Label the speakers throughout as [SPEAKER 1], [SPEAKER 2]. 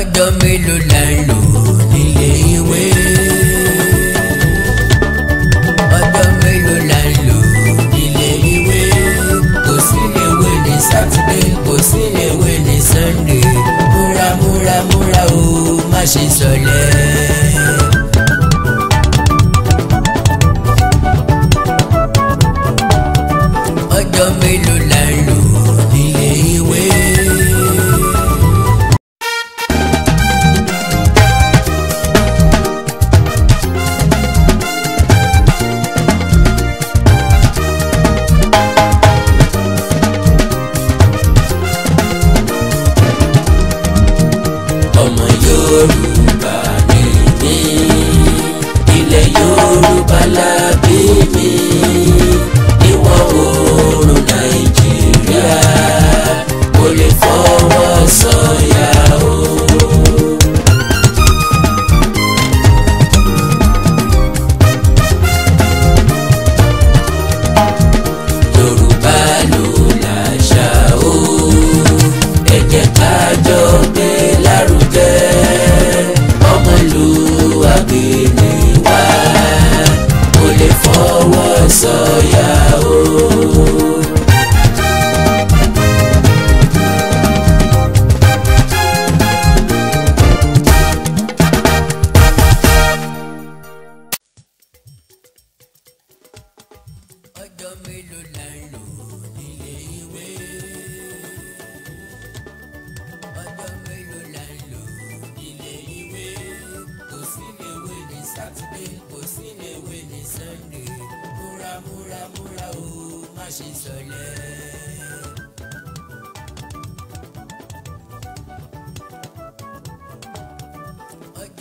[SPEAKER 1] ọjọ́ mélòó la ń lò nílé ìwé. ọjọ́ mélòó la ń lò nílé ìwé. kò sí lè wé ní sátidé kò sí lè wé ní sànńdé. múra múra múra o má ṣe sọlẹ̀. ọjọ́ mélòó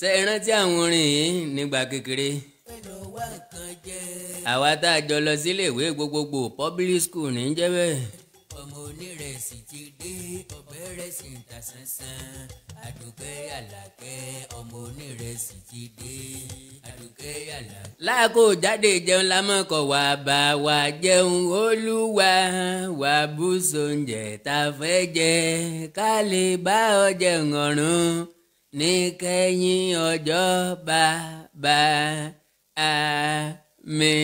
[SPEAKER 1] ṣe é rántí àwọn orin yìí nígbà kékeré àwa tá a jọ lọ sílé ìwé gbogbogbò public school ní jẹ́ bẹ́ẹ̀. ọmọ onírẹ̀sì ti dé ọbẹ̀ rẹ̀ sì ń ta sánsán àdùkẹ́ àlàkẹ́ ọmọ onírẹ̀sì ti dé àdùkẹ́ àlàkẹ́. láàkó jáde jẹun la mọ̀ kọ́ wà bá wà jẹun olúwa wà bùsùn jẹ tá a fẹ́ jẹ ká lè bá ọ jẹun ọ̀run níkẹyìn ọjọ́ bàbá àmì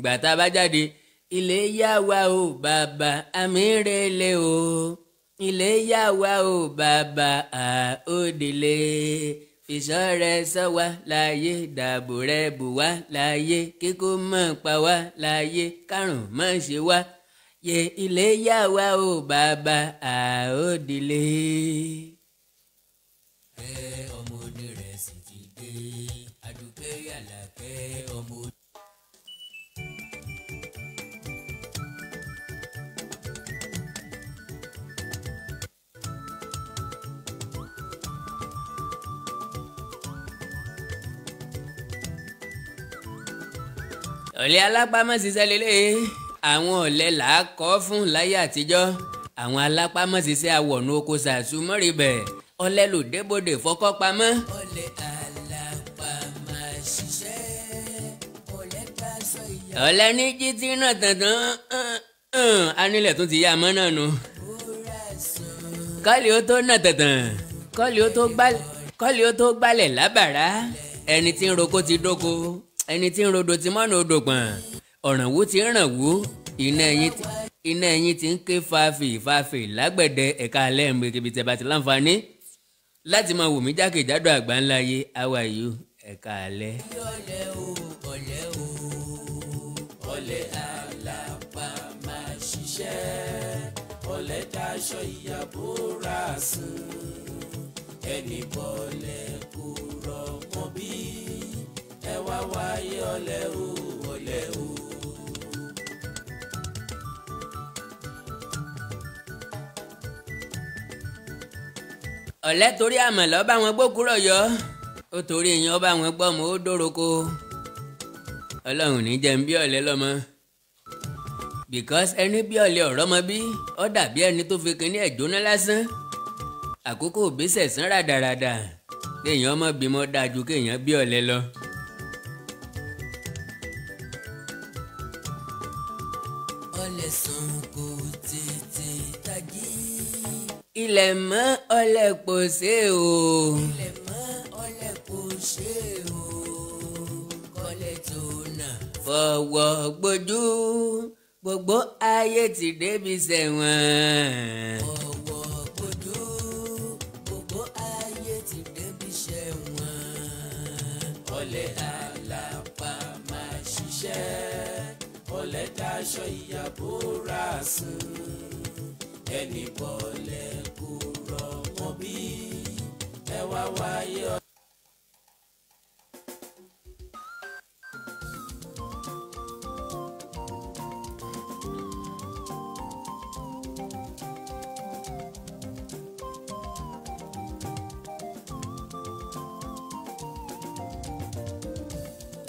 [SPEAKER 1] gbàtà bá jáde ilé yá wa o bàbá àmì rẹlẹ o ilé yá wa o bàbá àódìlé ìṣọ́rẹ sọ wá láàyè dàbò rẹ bù wá láàyè kíkó mọ̀ pa wá láàyè kárùn mọ̀ ṣe wá yẹ ilé yá wa o bàbá àódìlé àlàkẹ́ ọmọ onírẹ̀sì ti dé àdùkẹ́ àlàkẹ́ ọmọ. ọ̀lẹ́ alápámọ́ ṣiṣẹ́ lélẹ́yìí àwọn ọ̀lẹ́ là á kọ́ fún láyé àtijọ́ àwọn alápámọ́ ṣiṣẹ́ awọ̀nù oko ṣàṣùmọ́rìbẹ̀ ọ̀lẹ ló débòde fọkọ́ pamọ́. ọ̀lẹ alapa máa ṣiṣẹ́ ọ̀lẹ ká sọ ìyá. ọ̀lẹ ní jíjí náà tàntàn anilẹ̀ tún ti yá amọ́ náà nu. kọ́lì ó tó náà tàntàn kọ́lì ó tó gbálẹ̀ lábàrá ẹni tí ń roko ti dóko ẹni tí ń rodo ti mọ́nà odò pọ̀n ọ̀ràn wú ti ràn wú iná ẹyin ti iná ẹyin ti ń ké fàáfì fàáfì lágbẹ̀dẹ ẹ̀ka alẹ́ ìmọ̀ ìkebìtẹ̀ bàtí láǹfààní láti máa wò mí jákèjádò àgbáńlá ayé how are you ẹ káalẹ́. ọlẹ́ o ọlẹ́ ìyàbò rà sùn ẹnì bọ́lẹ̀ kò rọ̀ mọ́ bí ẹ wá wáyé ọlẹ́ o. ọ̀lẹ́ torí àmọ̀lọ́ bá wọn gbókúrọ̀ yọ ó torí èèyàn bá wọn gbọ́ mọ́ ó dóroko ọlọ́run ní jẹun bí ọ̀lẹ́ lọ́mọ because ẹni bí ọ̀lẹ́ ọ̀rọ̀ mọ bí ó dàbí ẹni tó fi kinní ẹ̀ jóná lásán àkókò òbísẹ̀ sán ràdàràdà kéèyàn ọmọ bímọ dáa kéèyàn bí ọ̀lẹ́ lọ. ọ̀lẹ́ sàn kò ilẹ̀ mọ́ ọlẹ̀ kò ṣe o. ilẹ̀ mọ́ ọlẹ̀ kò ṣe o. kọ́lẹ̀ tó nà fọwọ́ gbójú gbogbo ayé ti débi sẹ́wọ̀n. fọwọ́ gbójú gbogbo ayé ti débi sẹ́wọ̀n. ọlẹ̀ àlàpà máa ṣiṣẹ́ ọlẹ̀ daṣọ ìyàbò rà sùn ẹni bọ́lẹ̀ kúrọ̀ mọ́ bí ẹ wá wáyé ọ.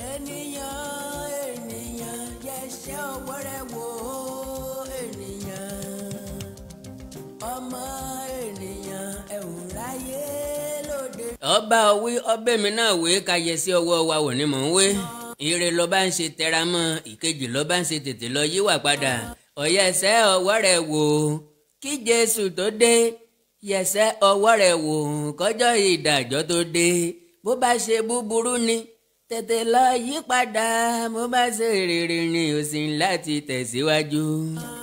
[SPEAKER 1] ènìyàn ènìyàn yẹ ṣe ọwọ́ rẹ wò. ọmọ ènìyàn ẹ ò lóde. ọba wí ọbẹ̀ mi náà wé kàyẹ sí ọwọ́ wa ò ní mò ń wé ire ló bá ń ṣe tẹra mọ́ ìkejì ló bá ń ṣe tètè lọ yíwà padà ọ̀yẹ́ ẹsẹ̀ ọwọ́ rẹ̀ wò kí Jésù tó dé yẹsẹ̀ ọwọ́ rẹ̀ wò kọjọ́ ìdájọ́ tó dé bó bá ṣe búburú ni tètè lọ yí padà bó bá ṣe rere ni ó sì ń láti tẹ̀síwájú. Uh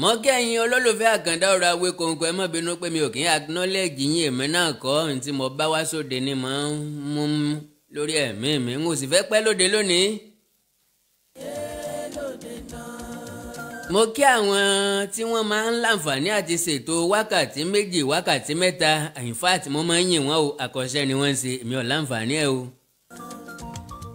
[SPEAKER 1] mo kẹ́yìn olólùfẹ́ àkàndá ọ̀rọ̀ awé kòǹkò ẹ má bínú pé mi ò kí ń acknowledge yín èmi náà kọ́ ohun tí mo bá wá sóde ni mo ń mú lórí ẹ̀mí mi n kò sì fẹ́ pẹ́ lóde lónìí. mo kí àwọn tí wọ́n máa ń láǹfààní àti ṣètò wákàtí méjì wákàtí mẹ́ta in fact mo máa ń yìn wọ́n o àkọ́ṣẹ́ ni wọ́n ń ṣe èmi ò láǹfààní ẹ̀ o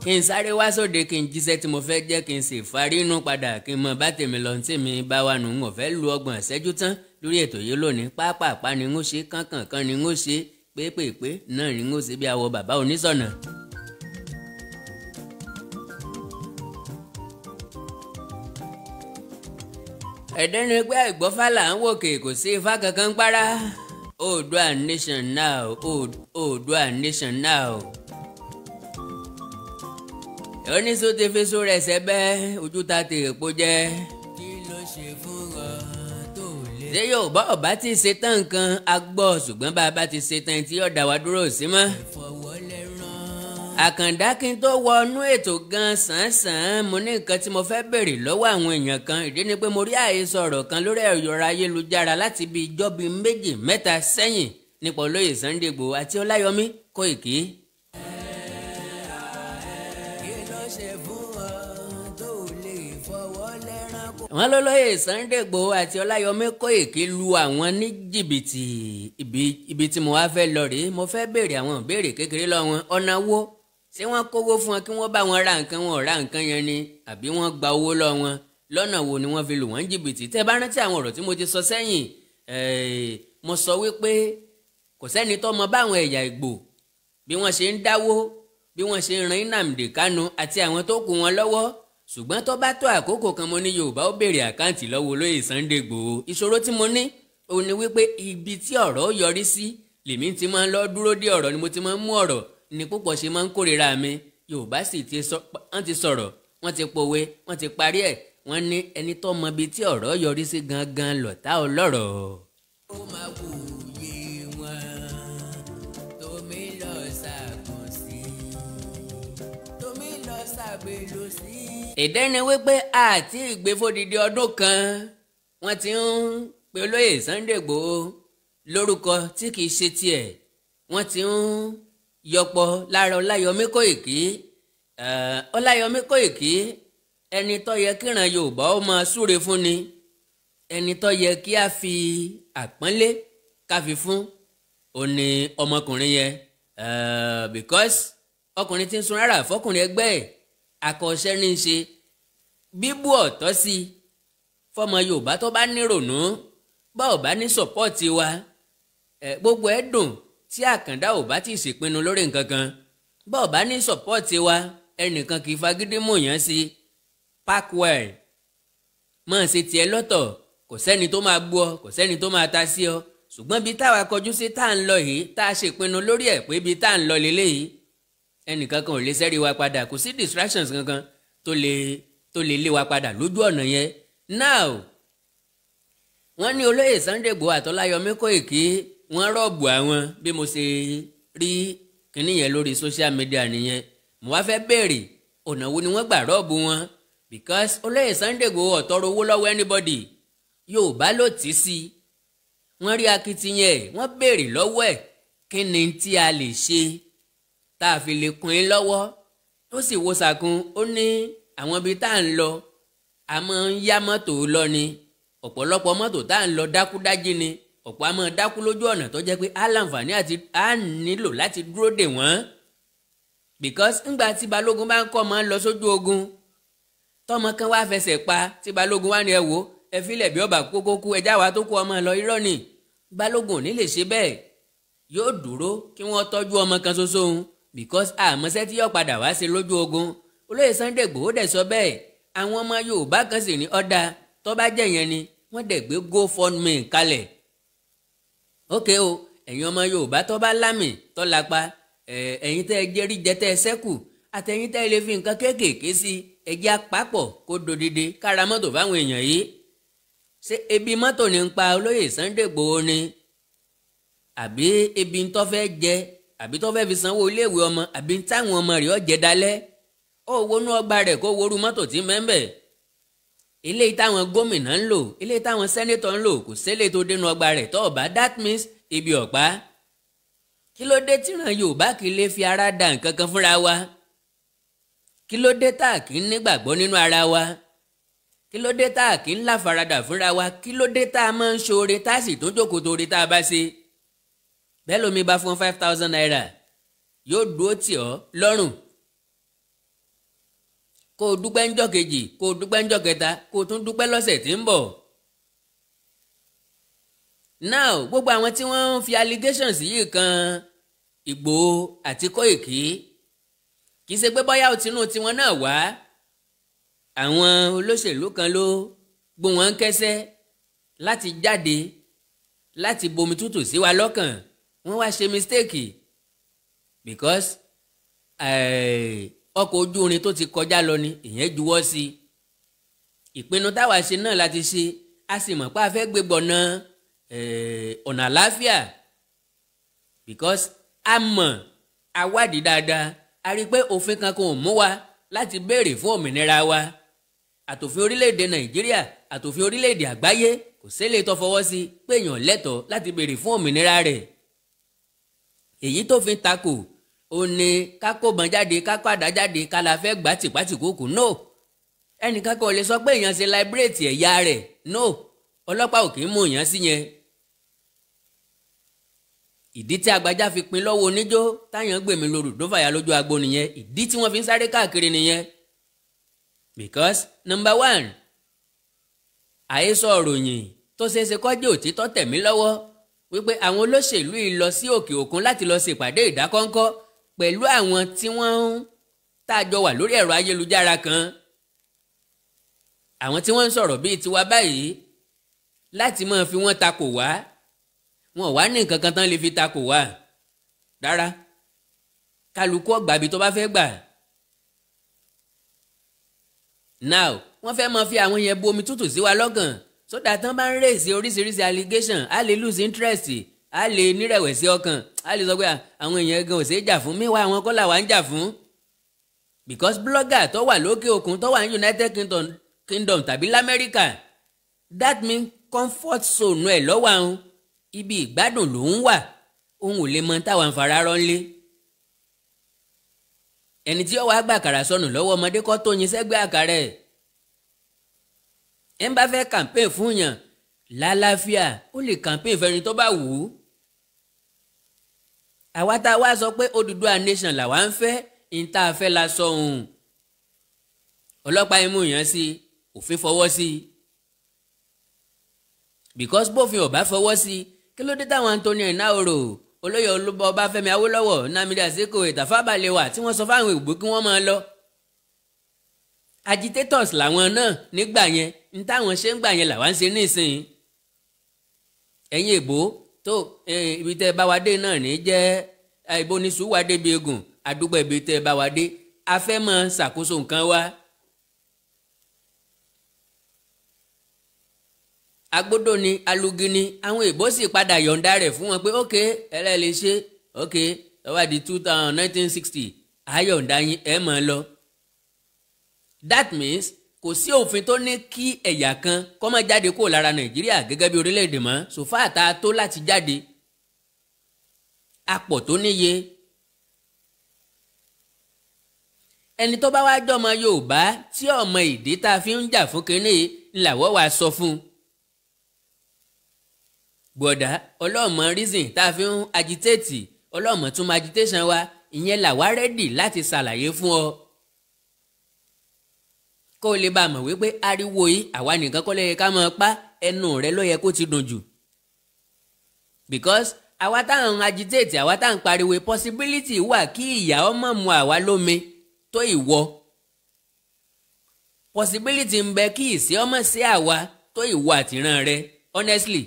[SPEAKER 1] kí n sáré wá sóde kí n jíṣẹ́ tí mo fẹ́ jẹ́ kí n sì farí inú padà kí n mọ bá tèmi lọ tí mi bá wà nù ń ọ̀fẹ́ lu ọgbọ̀n ìṣẹ́jú tán lórí ètò yìí lónìí pápápá ni ń ṣe kánkànkan ni ń ṣe pépèpé náà ni ń ṣe bí awọ bàbá oníṣọ̀nà. ẹ̀dẹ́ ni pé ń wòkè kò sí ifá kankan párá Oòduà nation now Oòduà nation now oníṣòtè fẹsọ rẹ sẹbẹ ojú ta tèrè pò jẹ. kí ló ṣe fúnra tó lé. ṣé yóò bá ọba ti ṣe tán nǹkan a gbọ́ ṣùgbọ́n bàbá ti ṣe tán tí ọ̀dà wa dúró sí mọ́. ìfọwọ́lẹ́ rán. àkàndá kí n tó ètò gan sàn-sàn mo ní nǹkan tí mo fẹ́ béèrè lọ́wọ́ àwọn èèyàn kan ìdí ni pé mo rí àhesọ ọ̀rọ̀ kan lórí ẹ̀rọ ayélujára láti bí ijọ́ bíi méjì mẹ́ta sẹ́yìn nípa olóyè Sunday Igboho àti Ọláyọmí Kóìkì wọ́n lọ́lọ́yè Sunday Igboho àti Ọláyọmí Kóìkì lu àwọn ní jìbìtì ibi tí mo wá fẹ́ lọ rèé mo fẹ́ béèrè àwọn ìbéèrè kékeré lọ ọ̀nà wo ṣé wọ́n kówó fún wọn kí wọ́n bá wọn ra nǹkan wọn ra nǹkan yẹn ni àbí wọ́n gba owó lọ lọ́nà wo ni wọ́n fi lù wọ́n jìbìtì tẹ́ bá rántí àwọn ọ̀rọ̀ tí mo ti sọ sẹ́yìn eh, mo sọ wípé kò sẹ́ni tó mọ báwọn ẹ̀yà Ìgbò bí wọ́n ṣe ń dáwó bí wọ́n ṣe ń ran Nnamdi Kanu àti àwọn tó kù wọn lọ́wọ́ ṣùgbọ́n tó bá tó àkókò kan mo ní yorùbá ó béèrè àkáǹtì lọ́wọ́ olóyè Sunday Igboho ìṣòro tí mo ní òun ni wípé ibi tí ọ̀rọ̀ yọrí sí lèmi ti máa ń lọ dúró dé ọ̀rọ̀ ni mo ti máa ń mú ọ̀rọ̀ ni púpọ̀ ṣe máa ń kórìíra mi yorùbá sì ti sọ̀rọ̀ wọ́n ti pòwe wọ́n ti parí ẹ̀ wọ́n ní ẹni tó mọ ibi tí ọ̀rọ̀ yọrí sí gangan lọ̀tá ọlọ́rọ̀. ó máa wòye wọn. ṣàgbélò sí. ìdẹ́niwé pé àti ìgbéfódìdí ọdún kan wọ́n ti ń pe olóyè Sunday Igboho lórúkọ tí kìí ṣe tiẹ̀ wọ́n ti ń yọpọ̀ lára Ọláyọmí Kóìkí Ọláyọmí Kóìkí ẹni tó yẹ kíran Yorùbá ó máa súre fún ni ẹni tó yẹ kí a fi àpọ́nlé ká fi fún òun ni ọmọkùnrin yẹn because ọkùnrin tí ń sun rárá fọkùnrin ẹgbẹ́ ẹ̀ àkọ́ṣẹ́ ní í ṣe bíbú ọ̀tọ́ sí i fọmọ yorùbá tó bá nírònú bá ò ní sọ́pọ́ọ̀tì wa gbogbo ẹ̀ dùn tí àkàndá ò bá ti ṣèpinnu lórí nǹkan kan bá ò ní sọ́pọ́ọ̀tì wa ẹnìkan kì í fagídí mòyàn sí parkwell mọ̀ ṣe tiẹ̀ lọ́tọ̀ kò sẹ́ni tó máa bú ọ kò sẹ́ni tó máa ta sí ọ ṣùgbọ́n bí táwa kọjú sí tá à ń lọ yìí tá a ṣèpinnu lórí ẹ̀ pé bí tá à ń lọ lélẹ́yìí ẹnìkan kan ò lè sẹ́rí wa padà kò sí distractions kankan tó lè tó lè lé wa padà lójú ọ̀nà yẹn now wọ́n ní olóyè Sunday Igboho àtọ́láyọmí Kóìkí wọ́n rọ̀bù àwọn bí mo ṣe rí kíní yẹn lórí social media nìyẹn mo wá fẹ́ béèrè ọ̀nà wo ni wọ́n gbà rọ̀bù wọn because olóyè Sunday Igboho ọ̀tọ́rọ̀ owó lọ́wọ́ anybody Yorùbá ló tì í sí wọ́n rí akitiyan ẹ̀ wọ́n béèrè lọ́wọ́ ẹ̀ kí ni tí a lè ṣe tá a fi lè kún in lọ́wọ́ ó sì wo sàkún ó ní àwọn ibi tá à ń lọ a máa ń yá mọ́tò lọ ni ọ̀pọ̀lọpọ̀ mọ́tò tá à ń lọ dákúdájí ni ọ̀pọ̀ a máa dákú lójú ọ̀nà tó jẹ́ pé á àti á nílò láti dúró dè wọ́n because ńgbà tí balógun bá ń kọ́ máa ń lọ sójú ogun tọmọ kan wá fẹsẹ̀ pa tí balógun wá ní ẹ wò ẹ filẹ̀ bí ọba kókókó ẹjá wa tó kó ọmọ lọ irọ́ ni balógun ò ní lè ṣe bẹ́ẹ̀ yóò dúró kí wọ́n tọ́jú ọmọ kan ṣoṣo òun because àmọ́sẹ́ tí yóò padà wá sí lójú ogun olóyè Sunday Igboho dẹ̀ sọ bẹ́ẹ̀ àwọn ọmọ Yorùbá kan sì ní ọ̀dà tó bá jẹ́ yẹn ni wọ́n dẹ̀ gbé GoFundMe kalẹ̀ ok o ẹ̀yin ọmọ Yorùbá tó bá lámì tó lápá ẹ̀yin tẹ́ ẹ jẹ́rí jẹ́tẹ́ ẹ sẹ́kù àtẹ̀yin tẹ́ ẹ lè fi nǹkan kéékèèké sí ẹjẹ́ àpapọ̀ kó dodidi kára mọ́tò fáwọn èèyàn yìí ṣé ebi mọ́tò ní ń pa olóyè Sunday Igboho ni àbí ebi ń tọ́ fẹ́ jẹ́ àbí tó fẹ́ẹ́ fi sanwó iléèwé ọmọ àbí táwọn ọmọ rẹ̀ ọ̀jẹ̀ dalẹ̀ ó wọnú ọgbà rẹ̀ kó worú mọ́tò tí mẹ́ńbẹ̀ eléyìí táwọn gómìnà ń lò eléyìí táwọn sẹ́nẹ́tọ̀ ń lò kò sẹ́lẹ̀ tó dénú ọgbà rẹ̀ tó ọba that means ibi ọ̀pá kí ló dé tíran Yorùbá kì í lè fi ara da nǹkan kan fúnra wa kí ló dé tá a kì í nígbàgbọ́ nínú ara wa kí ló dé tá a kì í láfaradà fúnra wa kí ló dé tá a máa ń ṣoore tá a sì tún jókòó torí tá a bá ṣe bẹ́ẹ̀ lómi bá fún five thousand naira yóò dúró tì ọ́ lọ́rùn kó o dúpẹ́ ńjọ́ kejì kó o dúpẹ́ ńjọ́ kẹta kó o tún dúpẹ́ lọ́sẹ̀ tí ń bọ̀. now gbogbo àwọn tí wọ́n ń fi allegations yìí kan Ìgbòho àti Kóìkì kì í ṣe pé bóyá òtinú tiwọn náà wá àwọn olóṣèlú kan ló gbó wọn kẹsẹ́ láti jáde láti bomi tútù sí wa lọ́kàn wọ́n wá ṣe mistake because eh, ọkọ̀ ojú irin tó ti kọjá lọ ni ìyẹn juwọ́ sí i ìpinnu táwa ṣe náà láti ṣe a sì mọ̀ pé a fẹ́ gbégbọ̀ náà eh, ọ̀nà àláfíà because a mọ̀ a wádìí dáadáa a rí i pé òfin kankan ò mú wa láti béèrè fún òmìnira wa àtòfin orílẹ̀-èdè nàìjíríà àtòfin orílẹ̀-èdè àgbáyé kò ṣẹlẹ̀ tó fọwọ́ sí pé èèyàn lẹ́tọ̀ọ́ láti béèrè fún òmìnira rẹ̀ èyí tó fi ń takò ó ní kákóbọn jáde kákó àdá jáde kálá fẹ́ gbà tìpátìkókò no ẹnìkan kò lè sọ pé èèyàn ṣe láìbírèètì ẹ̀yà rẹ̀ no ọlọ́pàá ò kì í mú èèyàn sí yẹn. ìdí tí agbájá fi pin lọ́wọ́ oníjó táyàn gbèmí lorù tó fàyà lójú agbo nìyẹn ìdí tí wọ́n fi ń sáré káàkiri nìyẹn. because number one àhesọ òròyìn tó ṣeé ṣe kó jẹ́ òtítọ́ tẹ̀mí lọ́wọ́ wípé àwọn olóṣèlú yìí lọ sí òkè òkun láti lọ ṣèpàdé ìdákọ́ńkọ́ pẹ̀lú àwọn tí wọ́n ń tàjọ wà lórí ẹ̀rọ ayélujára kan àwọn tí wọ́n ń sọ̀rọ̀ bíi tiwa báyìí láti máa fi wọ́n takò wá wọn ò wá ní nǹkan kan tán lè fi takò wá rárá kálukú ọ̀gbàbí tó bá fẹ́ gbà now wọ́n fẹ́ máa fi àwọn yẹn bu omi tútù sí wa lọ́gàn so that tán bá ń rèsì oríṣiríṣi allegation a lè lose interest a lè nírẹ̀wẹ̀sì ọkàn a lè sọ pé ah, àwọn èèyàn gan ò sí jà fún míwá àwọn kọ́là wà ń jà fún because blogger tó wà lókè òkun tó wà ní United Kingdom, Kingdom tàbí lamẹ́ríkà that mean comfort zone ẹ̀ lọ́wọ́ àwọn ibi ìgbádùn ló ń wà òun ò lè mọ táwọn fararọ́ ńlé ẹni tí ó wàá gbàkàrà sọnù lọ́wọ́ ọmọdé kọ́ tó yin sẹ́gbẹ́ àkàrà ẹ̀ ẹ ń bá fẹ́ campaign fún yàn lálàáfíà ó lè campaign fẹ́ni tó bá wù ú. àwa tá a wá sọ pé Odùduwà nation làwa ń fẹ́ ń tá a fẹ́ la sọ òun ọlọ́pàá imú yàn sí òfin fọwọ́ sí i because bófin ọba fọwọ́ sí i kí ló dé táwọn Anthony Enahoro olóyè olúbọ Ọbáfẹ́mi Awólọ́wọ̀ Nnamdi Azikiwe Tafawa Balewa tí wọ́n sọ fáwọn Ìgbò kí wọ́n máa lọ agitators làwọn náà nígbà yẹn n táwọn ṣe ń gbà yẹn làwa ń ṣe nísìnyí ẹ̀yin ìbò tó ibi tẹ́ ẹ bá wa dé náà ní jẹ́ ìbò ní sùúwà débi egun àdúgbò ibi tẹ́ ẹ bá wa dé a fẹ́ mọ ṣàkóso nǹkan wa. agbódò ni alugi ni àwọn ìbò sì padà yọ̀ǹda rẹ̀ fún wọn pé ok ẹlẹ́ẹ̀lẹ́ ok lọ́wọ́ two thousand nineteen sixty àyọ̀ǹda yín ẹ̀ mọ̀ ọ́ lọ. that means kò sí òfin tó ní kí ẹ̀yà kan kó má jáde kó lára nàìjíríà gẹ́gẹ́ bí orílẹ̀-èdè mọ́ sòfà àta tó láti jáde apọ̀ tó níye ẹni tó bá wá jọmọ yorùbá tí ọmọ èdè tá a fi ń jà fún kínní làwọ́ wa sọ fún un gbọ̀dá ọlọ́mọ reason tá a fi ń agitate ọlọ́mọ tún agitation wa ìyẹn làwa rẹ́dì láti ṣàlàyé fún ọ kó o lè bá a mọ̀ wípé ariwo yìí àwa nìkan kọ́ ká máa pa ẹnu rẹ ló yẹ kó ti dùn jù because àwa táwọn agitate àwa táwọn pariwo possibility wà kí ìyá ọmọ mu àwa lómi tó ìwọ possibility ń bẹ kí ìsí ọmọ sí àwa tó ìwọ àtìrán rẹ honestly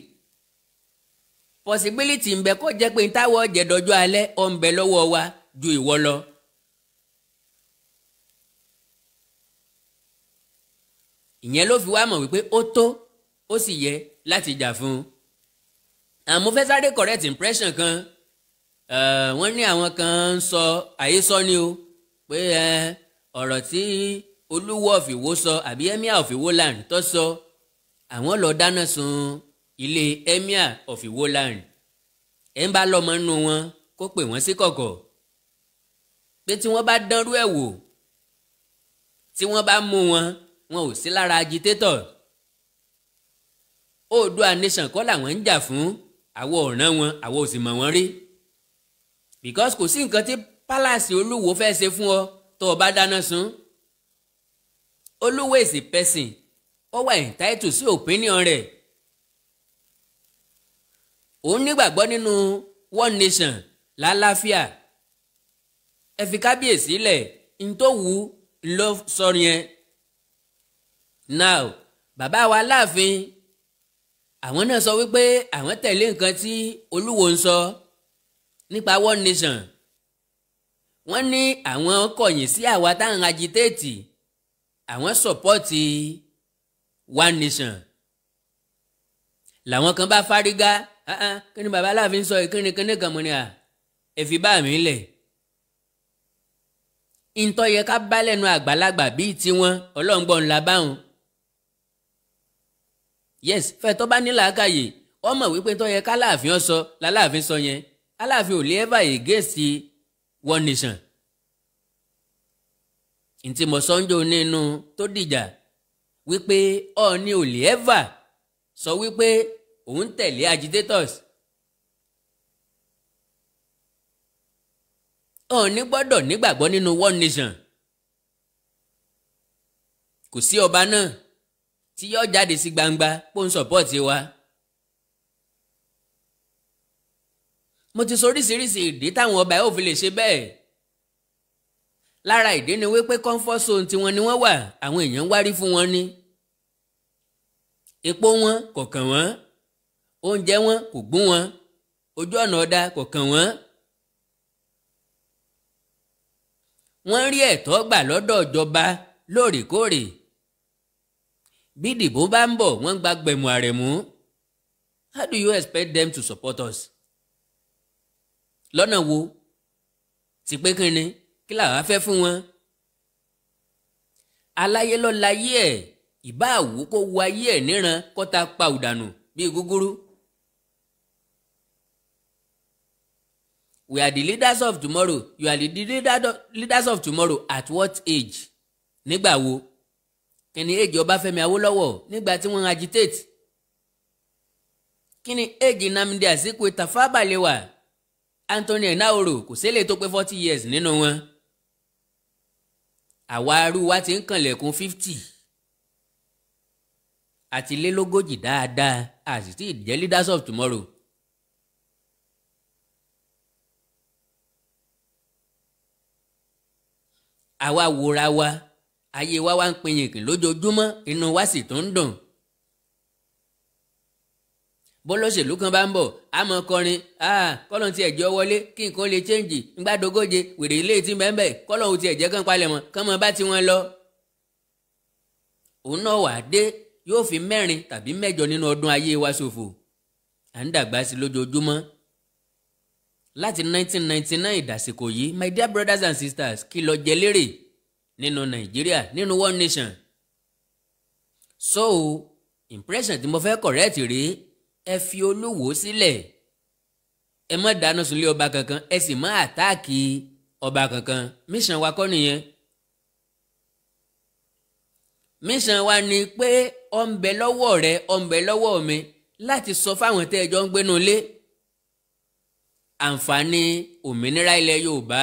[SPEAKER 1] possibility ń bẹ kó jẹ́ pé táwọn jẹ́ dọjọ́ alẹ́ ọ̀ ń bẹ lọ́wọ́ wa ju ìwọ lọ. ìyẹn ló fi wá mọ̀ wípé ó tó ó sì yẹ láti jà fún un. correct impression kan eh, wọ́n ní àwọn kan ń sọ àhesọ ni o pé eh, ọ̀rọ̀ tí olúwo of sọ àbí emir of Ìwó land tó sọ àwọn lọ dáná sun ilé emir of Ìwó land ẹ̀ ń bá lọ́mọ nínú wọn kó pè wọ́n sí kọ̀kọ̀ pé tí wọ́n bá dánrú ẹ̀ wò tí wọ́n bá mú wọn wọn ò sí lára agitator Oòduà nation kọ́ làwọn ń jà fún àwọn ọ̀ràn wọn àwọn ò mọ̀ wọ́n rí because kò sí nǹkan tí palace olúwo fẹ́ ṣe fún ọ tó o bá dáná sun olúwo is a person ó wà entitled sí opinion rẹ̀ òun nígbàgbọ́ nínú one nation lálàáfíà ẹ fi kábíyèsí lẹ̀ n tó wù ú sọ yẹn now bàbá wa láàfin àwọn náà sọ wípé àwọn tẹ̀lé nǹkan tí olúwo ń sọ nípa one nation wọ́n ní àwọn kọ̀yìn sí àwa táwọn agitéètì àwọn sọ̀pọ́ọ̀tì one nation làwọn kan bá fárígá ah ah kí ni bàbá aláàfin sọ ìkíni kíní kan mọ́ ni à èfi bá mi lẹ̀ ìtọ́ yẹ ká bá lẹ́nu àgbàlagbà bíi tiwọn ọlọ́ngbọ̀n la báwọn yes fẹ́ tó bá ní làákàyè ó mọ̀ wípé tó yẹ káláàfin ọ sọ làláàfin sọ yẹn aláàfin ò lè ẹ́fà ègéèsì one nation ntí mo sọ́njọ́ nínú tó dìjà wípé ọ̀ọ́ni ò lè ẹ́fà sọ wípé òun tẹ̀lé agitators ọ̀ọ́ni gbọ́dọ̀ nígbàgbọ́ nínú one nation kò sí ọba náà tí yóò jáde sí gbangba kó ń sọ̀pọ́ọ̀tì wa. mo ti sọ oríṣiríṣi ìdí táwọn ọba yóò fi lè ṣe bẹ́ẹ̀ lára ìdí ni wípé comfort zone tiwọn ni wọ́n wà àwọn èèyàn ń wárí fún wọn ni epo wọn kò kàn wọ́n oúnjẹ wọn kò gún wọn ojú ọ̀nà ọ̀dà kò kàn wọ́n. wọ́n rí ẹ̀tọ́ gbà lọ́dọ̀ ìjọba lóòrèkóòrè bí ìdìbò bá ń bọ̀ wọ́n gba gbẹ̀mù àrẹ̀mú how do you expect them to support us? lọ́nà wo ti pé kí ni kí làwọn fẹ́ fún wọn? aláyé ló láyé ẹ̀ ìbá àwò kó wo ayé ẹ̀ níran kó pa òdànù bíi gúgúrú. we are the leaders of tomorrow you are the leaders of tomorrow at what age? nígbà wo? kí ni èjì Ọbáfẹ́mi Awólọ́wọ̀ nígbà tí wọ́n agitate kí ni èjì Nnamdi Azikiwe Tafawa Balewa Anthony Enahoro kò sẹ́lẹ̀ tó pé forty years nínú wọn àwa arú wa ti ń kànlẹ̀kùn fifty àti lé lógójì dáadáa a sì ti jẹ́ leaders of tomorrow. àwa wòra wa ayé wa wá ń pinyìnkì lójoojúmọ́ inú wa sì tún ń dùn. bólóṣèlú kan bá ń bọ̀ àmọ́ kọrin kọ́lọ́n ti ẹ̀jọ́ wọlé kí nǹkan lè chẹ́ǹjì ńgbàdógóje wèrè ilé tí bẹ́ẹ̀ kọ́lọ́n ò ti ẹ̀jẹ̀ kan palẹ̀ mọ́ kán mọ́ bá ti wọn lọ. òun náà wà dé yóò fi mẹ́rin tàbí mẹ́jọ nínú ọdún ayé wa ṣòfò à ń dàgbà sí lójoojúmọ́ láti 1999 ìdàsìkò yìí my dear brothers and sisters kí lọ jẹ lérè nínú nàìjíríà nínú one nation so impression tí mo fẹ́ correct rèé ẹ fi olówó sílẹ̀ ẹ má dáná sunlé ọba kankan ẹ sì má àtáàkì ọba kankan mission wa kọ́ nìyẹn mission wa ni pé ó ń bẹ lọ́wọ́ rẹ ó ń bẹ lọ́wọ́ mi láti sọ fáwọn tẹ́ ẹ jọ ń gbénu lé àǹfààní òmìnira ilẹ̀ yorùbá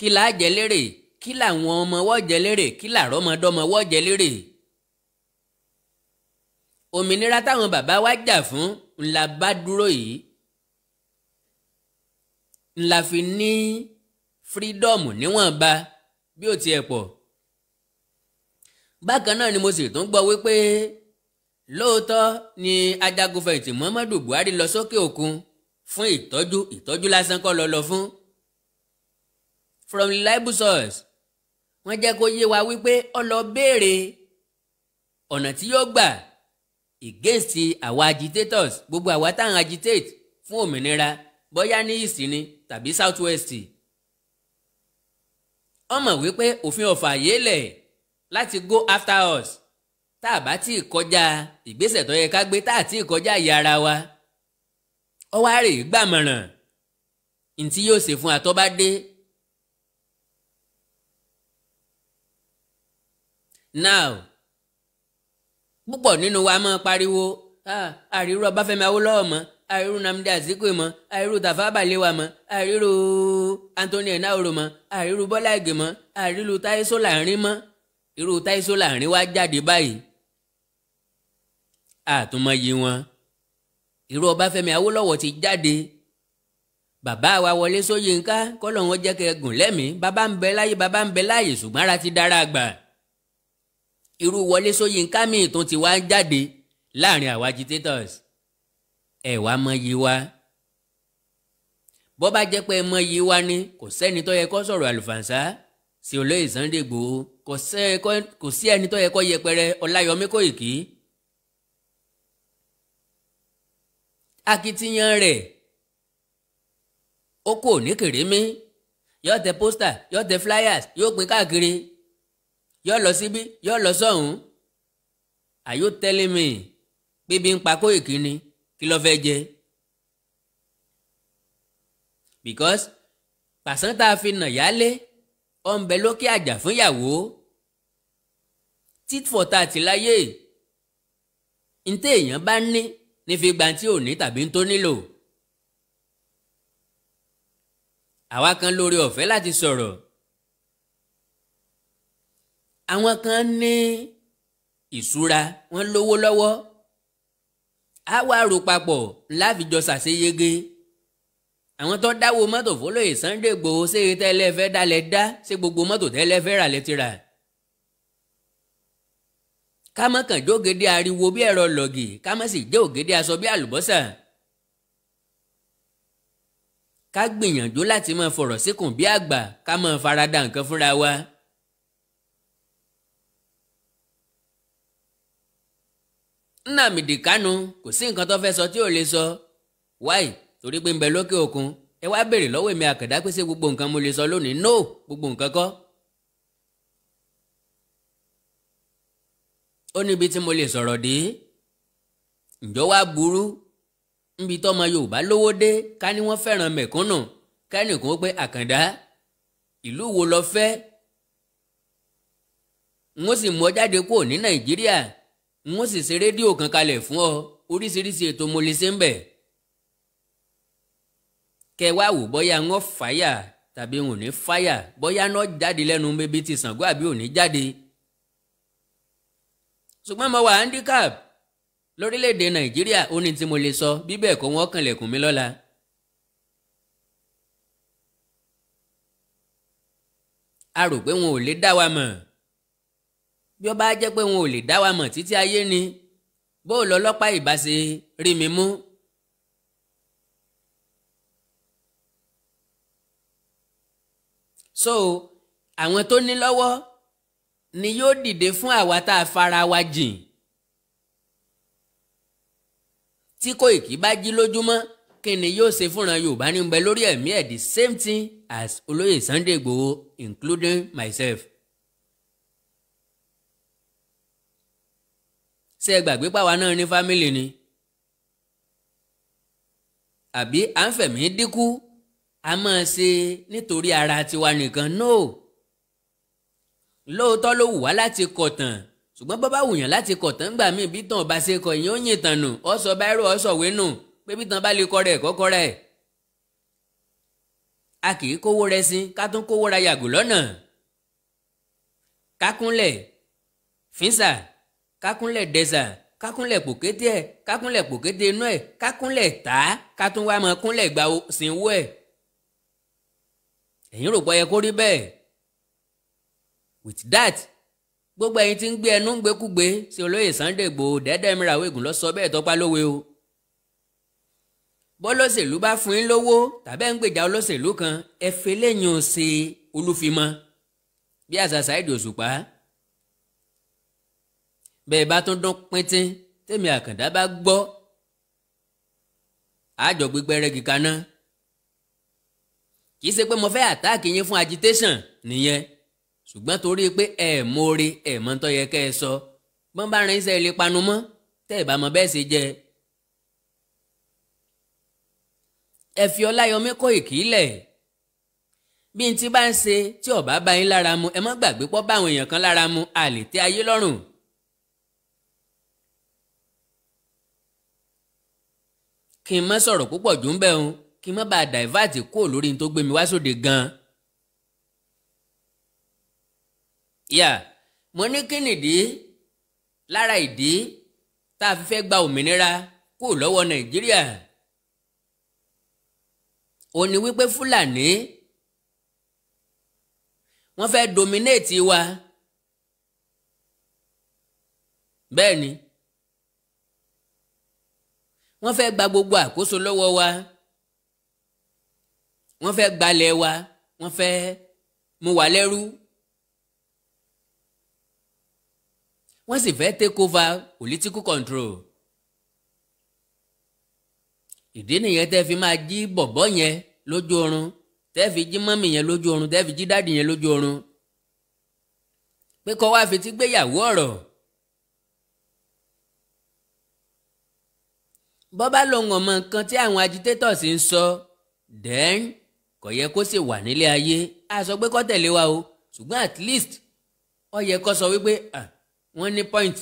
[SPEAKER 1] kí là á jẹ lérè kí làwọn ọmọ wọ́ jẹ lérè kí làrọ́ ọmọdọ́mọ wọ́ jẹ lérè. òmìnira táwọn bàbá wa jà fún ńlá bá dúró yìí ńlá fi ní fírídọ́ọ̀mù níwọ̀nba bí ó tiẹ̀ pọ̀. bákan náà ni mo sì tún gbọ́ wípé lóòótọ́ ni ajagunfẹ̀yìntì Muhammadu Buhari lọ sókè òkun fún ìtọ́jú ìtọ́jú lásán kọ́ lọ lọ fún from the reliable source wọ́n jẹ́ kó yé wa wípé ó lọ béèrè ọ̀nà tí yóò gbà against àwa agitators gbogbo àwa táwọn agitate fún òmìnira bóyá ní east ni tàbí south west ọmọ wípé òfin ọ̀fà yélẹ̀ láti go after us tá a bá tí ì kọjá ìgbésẹ̀ tó yẹ ká gbé tá a tí ì kọjá ìyá ara wa ọwọ́ àrè gbàmọ̀ràn ntí yóò ṣe fún atọ́ba dé now púpọ̀ nínú wa máa pariwo àrírú Ọbáfẹ́mi Awólọ́wọ̀ mọ́ àrírú Nnamdi Azikiwe mọ́ àrírú Tafawa Balewa mọ́ àrírú Anthony Enahoro mọ́ àrírú Bọ́lá Ìgè mọ́ àrírú Táyé Sólàrin mọ́ irú Táyé Sólàrin wá jáde báyìí àtúmọ̀yé wọn irú Ọbáfẹ́mi Awólọ́wọ̀ ti jáde bàbá wa Wọlé Ṣóyínká kọ́lọ̀ wọn jẹ́ kẹ́gùn lẹ́mìí bàbá ń bẹ láyé bàbá ń bẹ láyé ṣùgbọ́n ara ti dára àgbà irú Wọlé Ṣóyínká míì tó ti wá ń jáde láàrin àwa agitators ẹ wá mọyì wa bó bá jẹ́ pé ẹ mọyì wa ni kò sẹ́ni tó yẹ kó sọ̀rọ̀ àlùfànṣá sí olóyè Sunday Igboho kò sí ẹni tó yẹ kó yẹpẹrẹ Ọláyọmí Kòìkí akitiyan rẹ̀ ó kò ní kèrémí yóò tẹ pósítà yóò tẹ flyers yóò pín káàkiri yóò lọ síbí yóò lọ sọ́hùn are you telling me pé bí ń pa Kóìkí ni kí ló fẹ́ jẹ because pàṣán tá a fi nà yálé ó ń bẹ lókè àjà fúnyàwó tit for tat láyé ntẹ èèyàn bá ní ní fi gba tí ò ní tàbí tó nílò àwa kan lórí ọ̀fẹ́ láti sọ̀rọ̀ àwọn kan ní ìṣúra wọn lówó lọ́wọ́ á wá rò papọ̀ láfijọ ṣàṣeyege àwọn tó dáwó mọ́tò fọlọ́yè Sunday Igboho ṣé èyí tẹ́lẹ̀ fẹ́ dalẹ̀ dá ṣé gbogbo mọ́tò tẹ́lẹ̀ fẹ́ rà lẹ́tì rà kámọ́kàn jó gèdè ariwo bí ẹ̀rọ lọ́gì kámọ́ jẹ́ ògèdè aṣọ bí àlùbọ́sà ká gbìyànjú láti máa fọ̀rọ̀ síkùn bí àgbà ká máa farada nǹkan fúnra wa. Nnamdi Kanu kò sí nǹkan tó fẹ́ sọ tí ò lè sọ wáì torí pé ń bẹ lókè òkun ẹ wá béèrè lọ́wọ́ èmi àkàndá pé ṣé gbogbo nǹkan mo lè sọ lónìí no gbogbo nǹkan kọ́. ó níbi tí mo lè sọ̀rọ̀ dé ǹjọ́ wá burú níbi tọ́mọ Yorùbá lówó dé ká ní wọ́n fẹ́ràn mẹ̀kúnnù kẹ́nìkan ó pé àkàndá ìlú wo lọ fẹ́ n ó sì mú ọ jáde kúrò ní Nàìjíríà. n ó sì ṣe rédíò kan kalẹ̀ fún ọ oríṣiríṣi ètò mo lè ṣe ń bẹ̀. kẹ wá wò bóyá ń ọ fàyà tàbí ń ò ní fàyà bóyá náà jáde lẹ́nu bébí ti Ṣàngó àbí ò ní jáde. ṣùgbọ́n mo wà handicap lórílẹ̀‐èdè Nàìjíríà ó ní tí mo lè sọ bí bẹ́ẹ̀ kọ́ wọ́n kànlẹ̀kùn mi lọ́la. a rò pé wọn ò lè dá wa mọ̀ bí ó bá jẹ́ pé wọn ò lè dá wa mọ̀ títí ayé ni bó o lọ́lọ́pàá ìbáṣe rí mi mú. so àwọn tó ní lọ́wọ́ ni yóò dìde fún àwa tá a fara wa jìn tí kò ìkí bá jí lójúmọ́ kí ni yóò ṣe fúnra yorùbá ní bẹ lórí ẹ̀mí ẹ̀ the same thing as olóyè Sunday Igboho including myself. ṣé ẹ gbàgbé pàwa náà ní fámìlì ni àbí à ń fẹ̀mí dínkù a máa ṣe nítorí ara tiwa nìkan no lóòótọ́ ló wù wá láti kọ̀tàn ṣùgbọ́n bàbá wùyàn láti kọ̀tàn gbà mí bí tàn bá ṣe kọ ìyẹn ó yìn tàn ọ sọ báírò ọ sọ̀wé nù pé bí tàn bá lè kọ rẹ̀ kọ́kọ́ rẹ̀ a kì í kówó rẹ sí ká tún kówó ra yàgò lọ́nà kákúnlẹ̀ fínsà kákúnlẹ̀ dẹ̀sà kákúnlẹ̀ pòkété ẹ̀ kákúnlẹ̀ pòkété inú ẹ̀ kákúnlẹ̀ tá kátún wá mọ kúnlẹ̀ gba sínwó ẹ̀ ẹ̀yin kó rí bẹ́ẹ̀ with that gbogbo ẹ̀yin tí ń gbé ẹnu ń gbékúgbé sí olóyè Sunday Igboho dẹ́dẹ́ mìíràn àwọn ègùn lọ sọ bẹ́ẹ̀ tọ́pá lówe o bọ́lọ́sẹ̀lú bá fún yín lówó tàbẹ́ ń gbèjà olóṣèlú kan ẹ fẹ́ ọ̀sẹ̀ olúfimọ́ bí àṣà Saheed Òṣùpá bẹ́ẹ̀ bá tún dún píntín tèmi àkàndá bá gbọ́ àjọ gbígbẹ́ rẹ́gì kaná kì í ṣe pé mo fẹ́ àtáàkì yín fún agitation nìyẹn ṣùgbọ́n torí pé ẹ mórè ẹ mọ́ tó yẹ kẹ́ ẹ sọ bọ́n bá rin iṣẹ́ ilé panu mọ́ tẹ́ ẹ bá mọ bẹ́ẹ̀ ṣe jẹ. ẹ fi ọláyọmí kó ìkìlẹ̀ bí n ti bá ń ṣe tí ọba bá yín lára mu ẹ má gbàgbé pọ́ báwọn èèyàn kan lára mu àlè tẹ́ ayé lọ́rùn. kí n má sọ̀rọ̀ púpọ̀ jù ń bẹ̀ ń kí n má bàa divert kúrò lórí n tó gbé mi wá sóde gan. yà mo ní kí nìdí lára ìdí tá a fi fẹ́ gba òmìnira kúrò lọ́wọ́ Nàìjíríà ó ní wípé Fúlàní wọ́n fẹ́ dominate wa bẹ́ẹ̀ ni wọ́n fẹ́ gba gbogbo àkóso lọ́wọ́ wa wọ́n fẹ́ gbalẹ̀ wa wọ́n fẹ́ mú wa lẹ́rú wọ́n sì fẹ́ take over political control ìdí nìyẹn tẹ́ fi máa jí bọ̀bọ́ yẹn lójú oorun tẹ́ fi jí mọ́mì yẹn lójú oorun tẹ́ fi jí dáàdì yẹn lójú oorun pé kọ́ wá fi ti gbéyàwó ọ̀rọ̀ bọ́ bá lòun ọmọ nǹkan tí àwọn agitators ń sọ then kò yẹ kó sì wà nílé ayé a sọ pé kó tẹ̀lé wa o ṣùgbọ́n at least ó yẹ kó sọ wípé ah, wọ́n ní point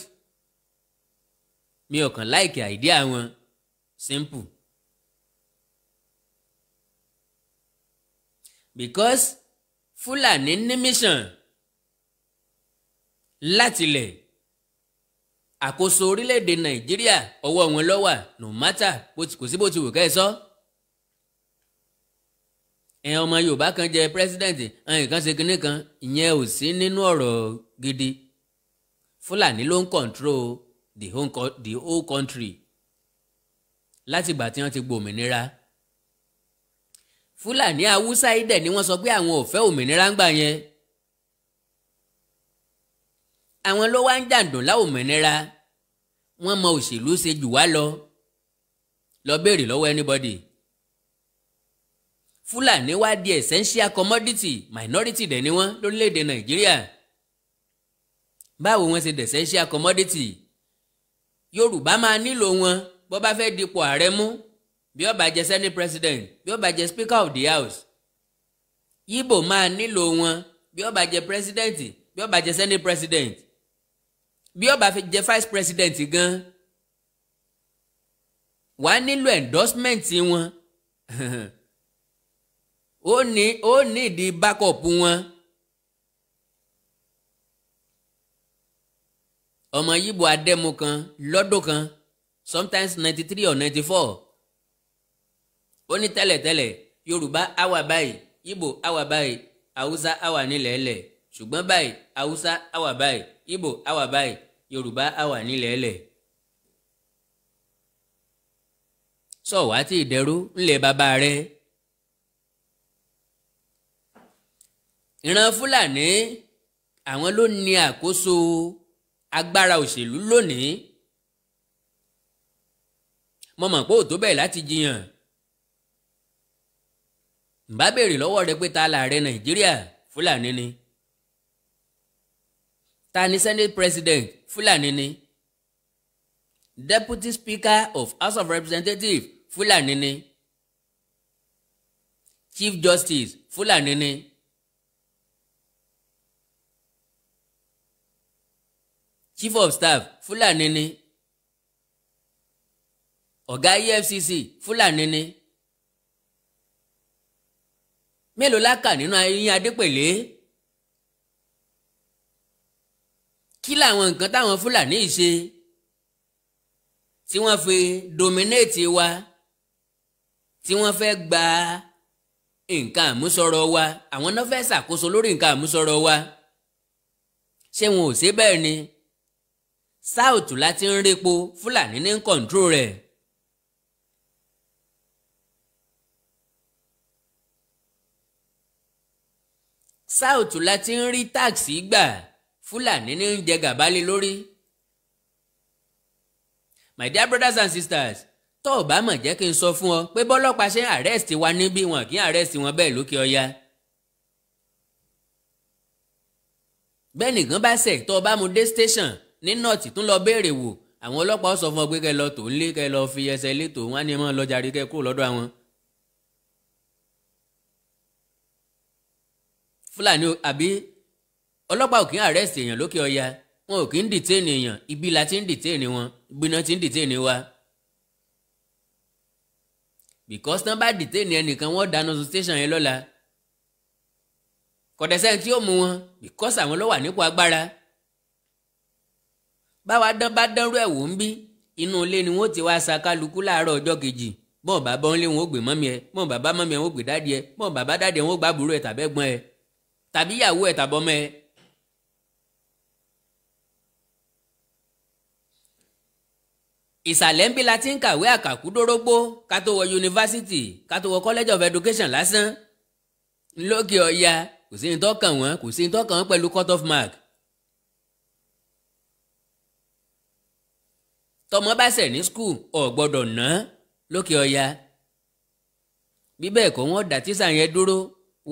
[SPEAKER 1] mi ò kàn láìkì àìdí àwọn simple. because Fúlàní ní mission látilẹ̀ àkóso orílẹ̀-èdè nàìjíríà ọwọ́ wọn ló wà no matter kò sí bó ti wù kẹ́ẹ̀ sọ. ẹ ọmọ yorùbá kan jẹ president ẹnì kan ṣe kinní kan ìyẹn ò sí nínú ọ̀rọ̀ gidi fúlàní ló ń control the whole, the whole country látìgbà tí wọ́n ti gbòmìnira fúlàní haúsá idẹ ni wọ́n sọ pé àwọn ò fẹ́ òmìnira ń gbà yẹn àwọn ló wá ń jàǹdùnlá òmìnira wọ́n mọ òṣèlú ṣe jù wá lọ lọ béèrè lọ́wọ́ anybody fúlàní wá di essential commodity minority dẹ̀ ni wọ́n lórílẹ̀‐èdè nàìjíríà báwo wọ́n ṣe di essential commodity yorùbá máa nílò wọn bó bá fẹ́ dipò ààrẹ mú bí ó bá jẹ́ senate president bí ó bá jẹ́ speaker of the house yíbò máa nílò wọn bí ó bá jẹ́ president bí ó bá jẹ́ senate president bí ó bá fi jẹ vice president gan wà nílò endorsement wọn ó ní ó ní ìdí backup wọn. ọmọ yíbo adẹ́mu kan lọ́dún kan sometimes ninety three or ninety four ó ní tẹ́lẹ̀tẹ́lẹ̀ yorùbá àwa báyìí ìgbò àwa báyìí haúsá àwa nílẹ̀ẹ́lẹ̀ ṣùgbọ́n báyìí haúsá àwa báyìí ìgbò àwa báyìí yorùbá á wà nílẹ̀ẹ́lẹ̀ sọ wá tí ìdẹ́rú ńlẹ̀ bàbá rẹ̀ ìran fúlàní àwọn ló ní àkóso agbára òṣèlú lónìí mo mọ̀ pé ò tó bẹ́ẹ̀ láti jiyàn bá béèrè lọ́wọ́ rẹ pé ta làárẹ̀ nàìjíríà fúlàní ni ta ni senate president Fulani ni Deputy Speaker of House of Representatives Fulani ni Chief Justice Fulani ni. Chief of Staff Fulani ni ọ̀gá EFCC Fulani ni mélòó la kà nínú ayé Adépèlé. kí làwọn nǹkan táwọn fúlàní ṣe tí wọ́n fi dominate wa tí wọ́n fẹ́ gba nǹkan àmúsọ̀rọ̀ wa àwọn náà fẹ́ ṣàkóso lórí nǹkan àmúsọ̀rọ̀ wa ṣé wọn ò ṣe bẹ́ẹ̀ ni south láti ń repo fúlàní ní kọ̀ǹtró rẹ̀. south láti ń rí táàsì gbà fúlàní ní ń jẹ gàba lé lórí. my dear brothers and sisters tó o bá mọ̀ jẹ́ kí n sọ fún ọ pé bọ́lọ́pàá ṣe àrẹ́sì wa níbí wọn kì í àrẹ́sì wọn bẹ́ẹ̀ lókè ọya. bẹ́ẹ̀ nìkan bá ṣẹ̀ tó o bá mu dé station ní nọ́ọ̀tì tún lọ béèrè wò àwọn ọlọ́pàá sọ fún ọ pé kẹ lọ tò ń lé kẹ lọ fi ẹsẹ̀ lé wọn á ní mọ́ lọ jàre kẹ kúrò lọ́dọ̀ àwọn. fúlàní àbí ọlọ́pàá ò kí ń arrest èèyàn lókè ọya wọn ò kí ń detain èèyàn ibi la ti ń detain wọn ibi ti ń detain wa. because tán bá detain ẹnìkan wọ́n dáná sun station yẹn lọ́la kọ̀dẹ́sẹ́ tí ó mú wọn because àwọn ló wà nípò agbára báwa dán bá dánrú ẹ̀ wò ń bí inú ilé ni wọ́n ti wá sa kálukú láàárọ̀ ọjọ́ kejì bọ́n bàbá ńlé wọn ó gbé mọ́mí ẹ bọ́n bàbá mọ́mí ẹ wọn ó gbé dádì ẹ bọ́n bàbá dádì ẹ wọn ó gbàbúrò ẹ tàbẹ́gbọ́n ẹ tàbí ìyàwó ẹ tàbọ́mọ ẹ ìsàlẹ̀ ń bí la ti ń kàwé àkàkúdórógbó ká tó wọ yunifásitì ká tó wọ college of education lásán lókè ọ̀ya kò sí ní tọ́kàn wọn kò sí ní tọ́kàn wọn pẹ̀lú cut off mark. tọmọ bá ṣẹ̀ ní skul ò gbọ́dọ̀ ná lókè ọ̀ya bí bẹ́ẹ̀ kọ́ wọ́n dá tíṣà yẹn dúró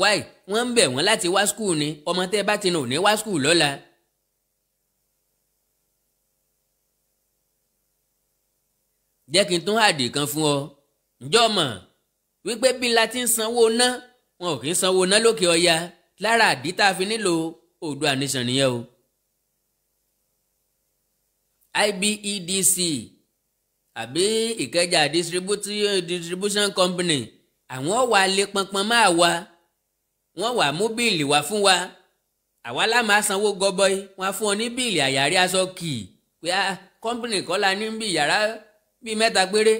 [SPEAKER 1] wáì wọ́n ń bẹ̀ wọ́n láti wá skul ni ọmọ tẹ́ bá ti nà ò ní wá skul lọ́la. jẹ́ kí n tún àdè kan fún ọ ǹjọ́ mọ̀ wípé bí la ti ń sanwó ná wọn ò kì í sanwó ná lókè ọya lára àdí tá a fi nílò Oòduà Nation nìyẹn o. IBEDC àbí Ìkẹjà distribution company àwọn wà lè pọnpọn máa wá wọ́n wà mú bíìlì wá fún wa àwa la máa sanwó gọbọi wọ́n á fún ọ ní bíìlì àyàrí aṣọ kì í pé kọ́mpìnì ah, kọ́ ní bí yàrá bíi mẹ́ta péré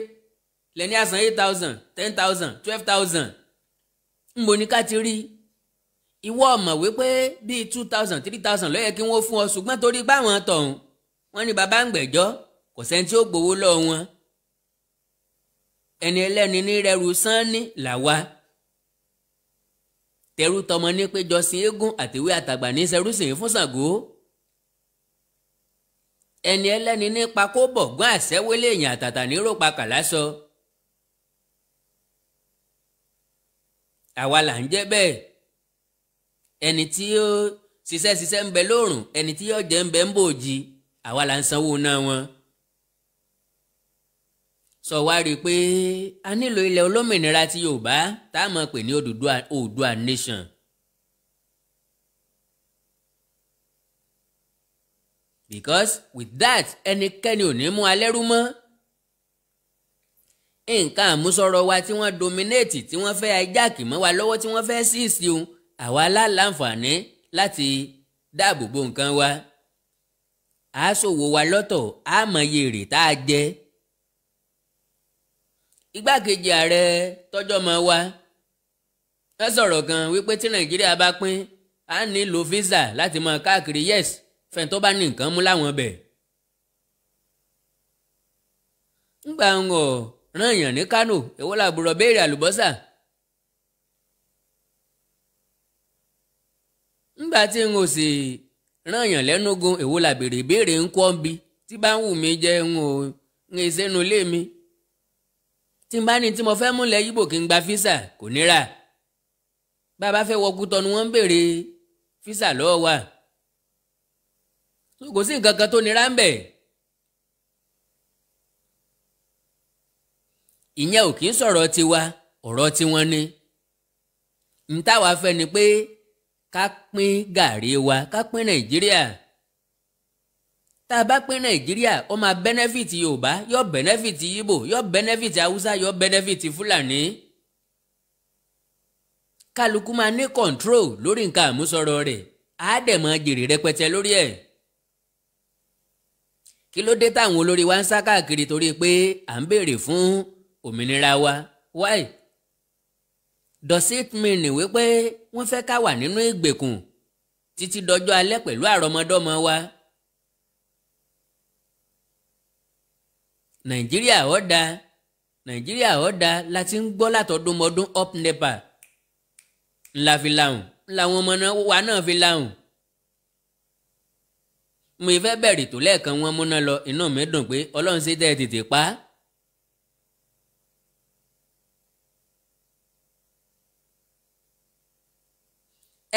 [SPEAKER 1] lẹ́ni àsán eight thousand ten thousand twelve thousand nbo ni ká ti rí ìwọ ọmọ wípé bíi two thousand three thousand ló yẹ kí wọ́n fún ọ ṣùgbọ́n torí báwọn tọ̀hún wọ́n ní bàbá ń gbẹ̀jọ́ kò sẹ́ni tí ó gbowó lọ́wọ́ wọn ẹni ẹlẹ́ni ní rẹrù sánni làwa tẹrú tọmọ ní péjọ sin eégún àtẹwé àtàgbà ní sẹrú fún Ṣàngó ẹni ẹlẹ́ni nípa kó bọ̀gán àṣẹ́wélé èèyàn àtàtà níròpa kàlá sọ. àwa là ń jẹ́ bẹ́ẹ̀ ẹni tí ó ṣiṣẹ́ ṣiṣẹ́ ń bẹ lóòrùn ẹni tí yóò jẹ́ ń bẹ ń bòòjì àwa là ń sanwó náà wọn. sọ wá rí i pé a nílò ilẹ̀ olómìnira ti Yorùbá tá a mọ̀ pé ní Oòduà Nation. because with that ẹnikẹ́ni ò ní mú alẹ́rú mọ́ nǹkan àmúsọ̀rọ̀ wa tí wọ́n dominate tí wọ́n fẹ́ ajáàkì mọ́ wa lọ́wọ́ tí wọ́n fẹ́ síìsì òun àwa láǹfààní láti dáàbò bo nǹkan wa a ṣòwò wa lọ́tọ̀ a mọye èrè tá a jẹ igbákejì ààrẹ tọjọ́ mọ́ wa wọ́n sọ̀rọ̀ kan wípé tí nàìjíríà bá pín a nílò visa láti máa káàkiri yes fẹ́ni tó bá ní nǹkan mú láwọn bẹ̀. ńgbà ń wọ̀ rán èèyàn ní Kánò èwo làbúrò béèrè àlùbọ́sà. ńgbà tí n ò sì rán èèyàn lẹ́nu gun èwo làbèrè béèrè ń kọ́ bí tí bá ń wù mí jẹ́ ń ò ń sẹ́nu ilé mi. tí n bá ní tí mo fẹ́ múlẹ̀ yíbò kí n gba físà kò níra bàbá fẹ́ wọkú tọ́nu wọ́n ń béèrè físà lọ́wọ́ wa kò sí nǹkan kan tó nira ń bẹ̀. ìyẹn ò kì í sọ̀rọ̀ tiwa ọ̀rọ̀ tiwọn ni n táwa fẹ́ ni pé ká pín gàrí wa ká pín nàìjíríà tá a bá pín nàìjíríà ó máa bẹ́nẹ́fìtì yorùbá yóò bẹ́nẹ́fìtì yíbò yóò bẹ́nẹ́fìtì haúsá yóò bẹ́nẹ́fìtì fúlàní kálukú máa ní kọ̀ǹtró lórí nǹkan àmúsọ̀rọ̀ rẹ̀ á dẹ̀ máa jèrè rẹpẹtẹ lórí ẹ̀. E kí ló dé táwọn olórí wa ń sá káàkiri torí pé à ń béèrè fún òmìnira wa why does it mean wípé wọ́n fẹ́ ká wà nínú ìgbèkùn títí dọjọ́ alẹ́ pẹ̀lú àrọmọdọ́mọ wa nàìjíríà ó da nàìjíríà ó da la ti ń gbọ́ látọdúnmọdún up nepa ńlá fi lahùn ńlá wọn ọmọ wa náà fi lahùn mo fẹ́ bẹ̀rẹ̀ tó lẹ́ẹ̀kan wọn múná lọ inú mi dùn pé ọlọ́run ṣe tẹ́ ẹ tètè pa á.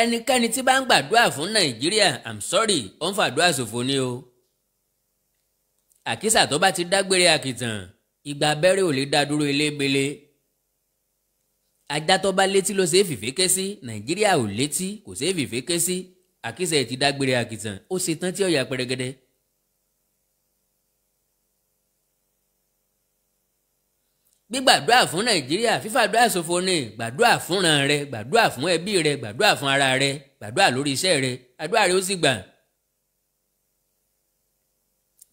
[SPEAKER 1] ẹnikẹ́ni tí bá ń gbàdúrà fún nàìjíríà i'm sorry ó ń fàdúrà ṣòfò ni o. àkísà tó bá ti dágbére àkìtàn ìgbà abẹ́rẹ́ ò lè dá dúró elébele. ajá tó bá létí ló ṣe é fìfé ké sí nàìjíríà ò létí kò ṣe é fìfé ké sí. Si àkísẹ̀ ti dágbére àkìtàn ó ṣe tán tí ọ̀yà pẹrẹgẹdẹ. gbígbàdúrà fún nàìjíríà fífàdúrà ṣòfò ni gbàdúrà fúnra rẹ gbàdúrà fún ẹbí rẹ gbàdúrà fún ara rẹ gbàdúrà lórí iṣẹ́ rẹ àdúrà rẹ ó sì gbà.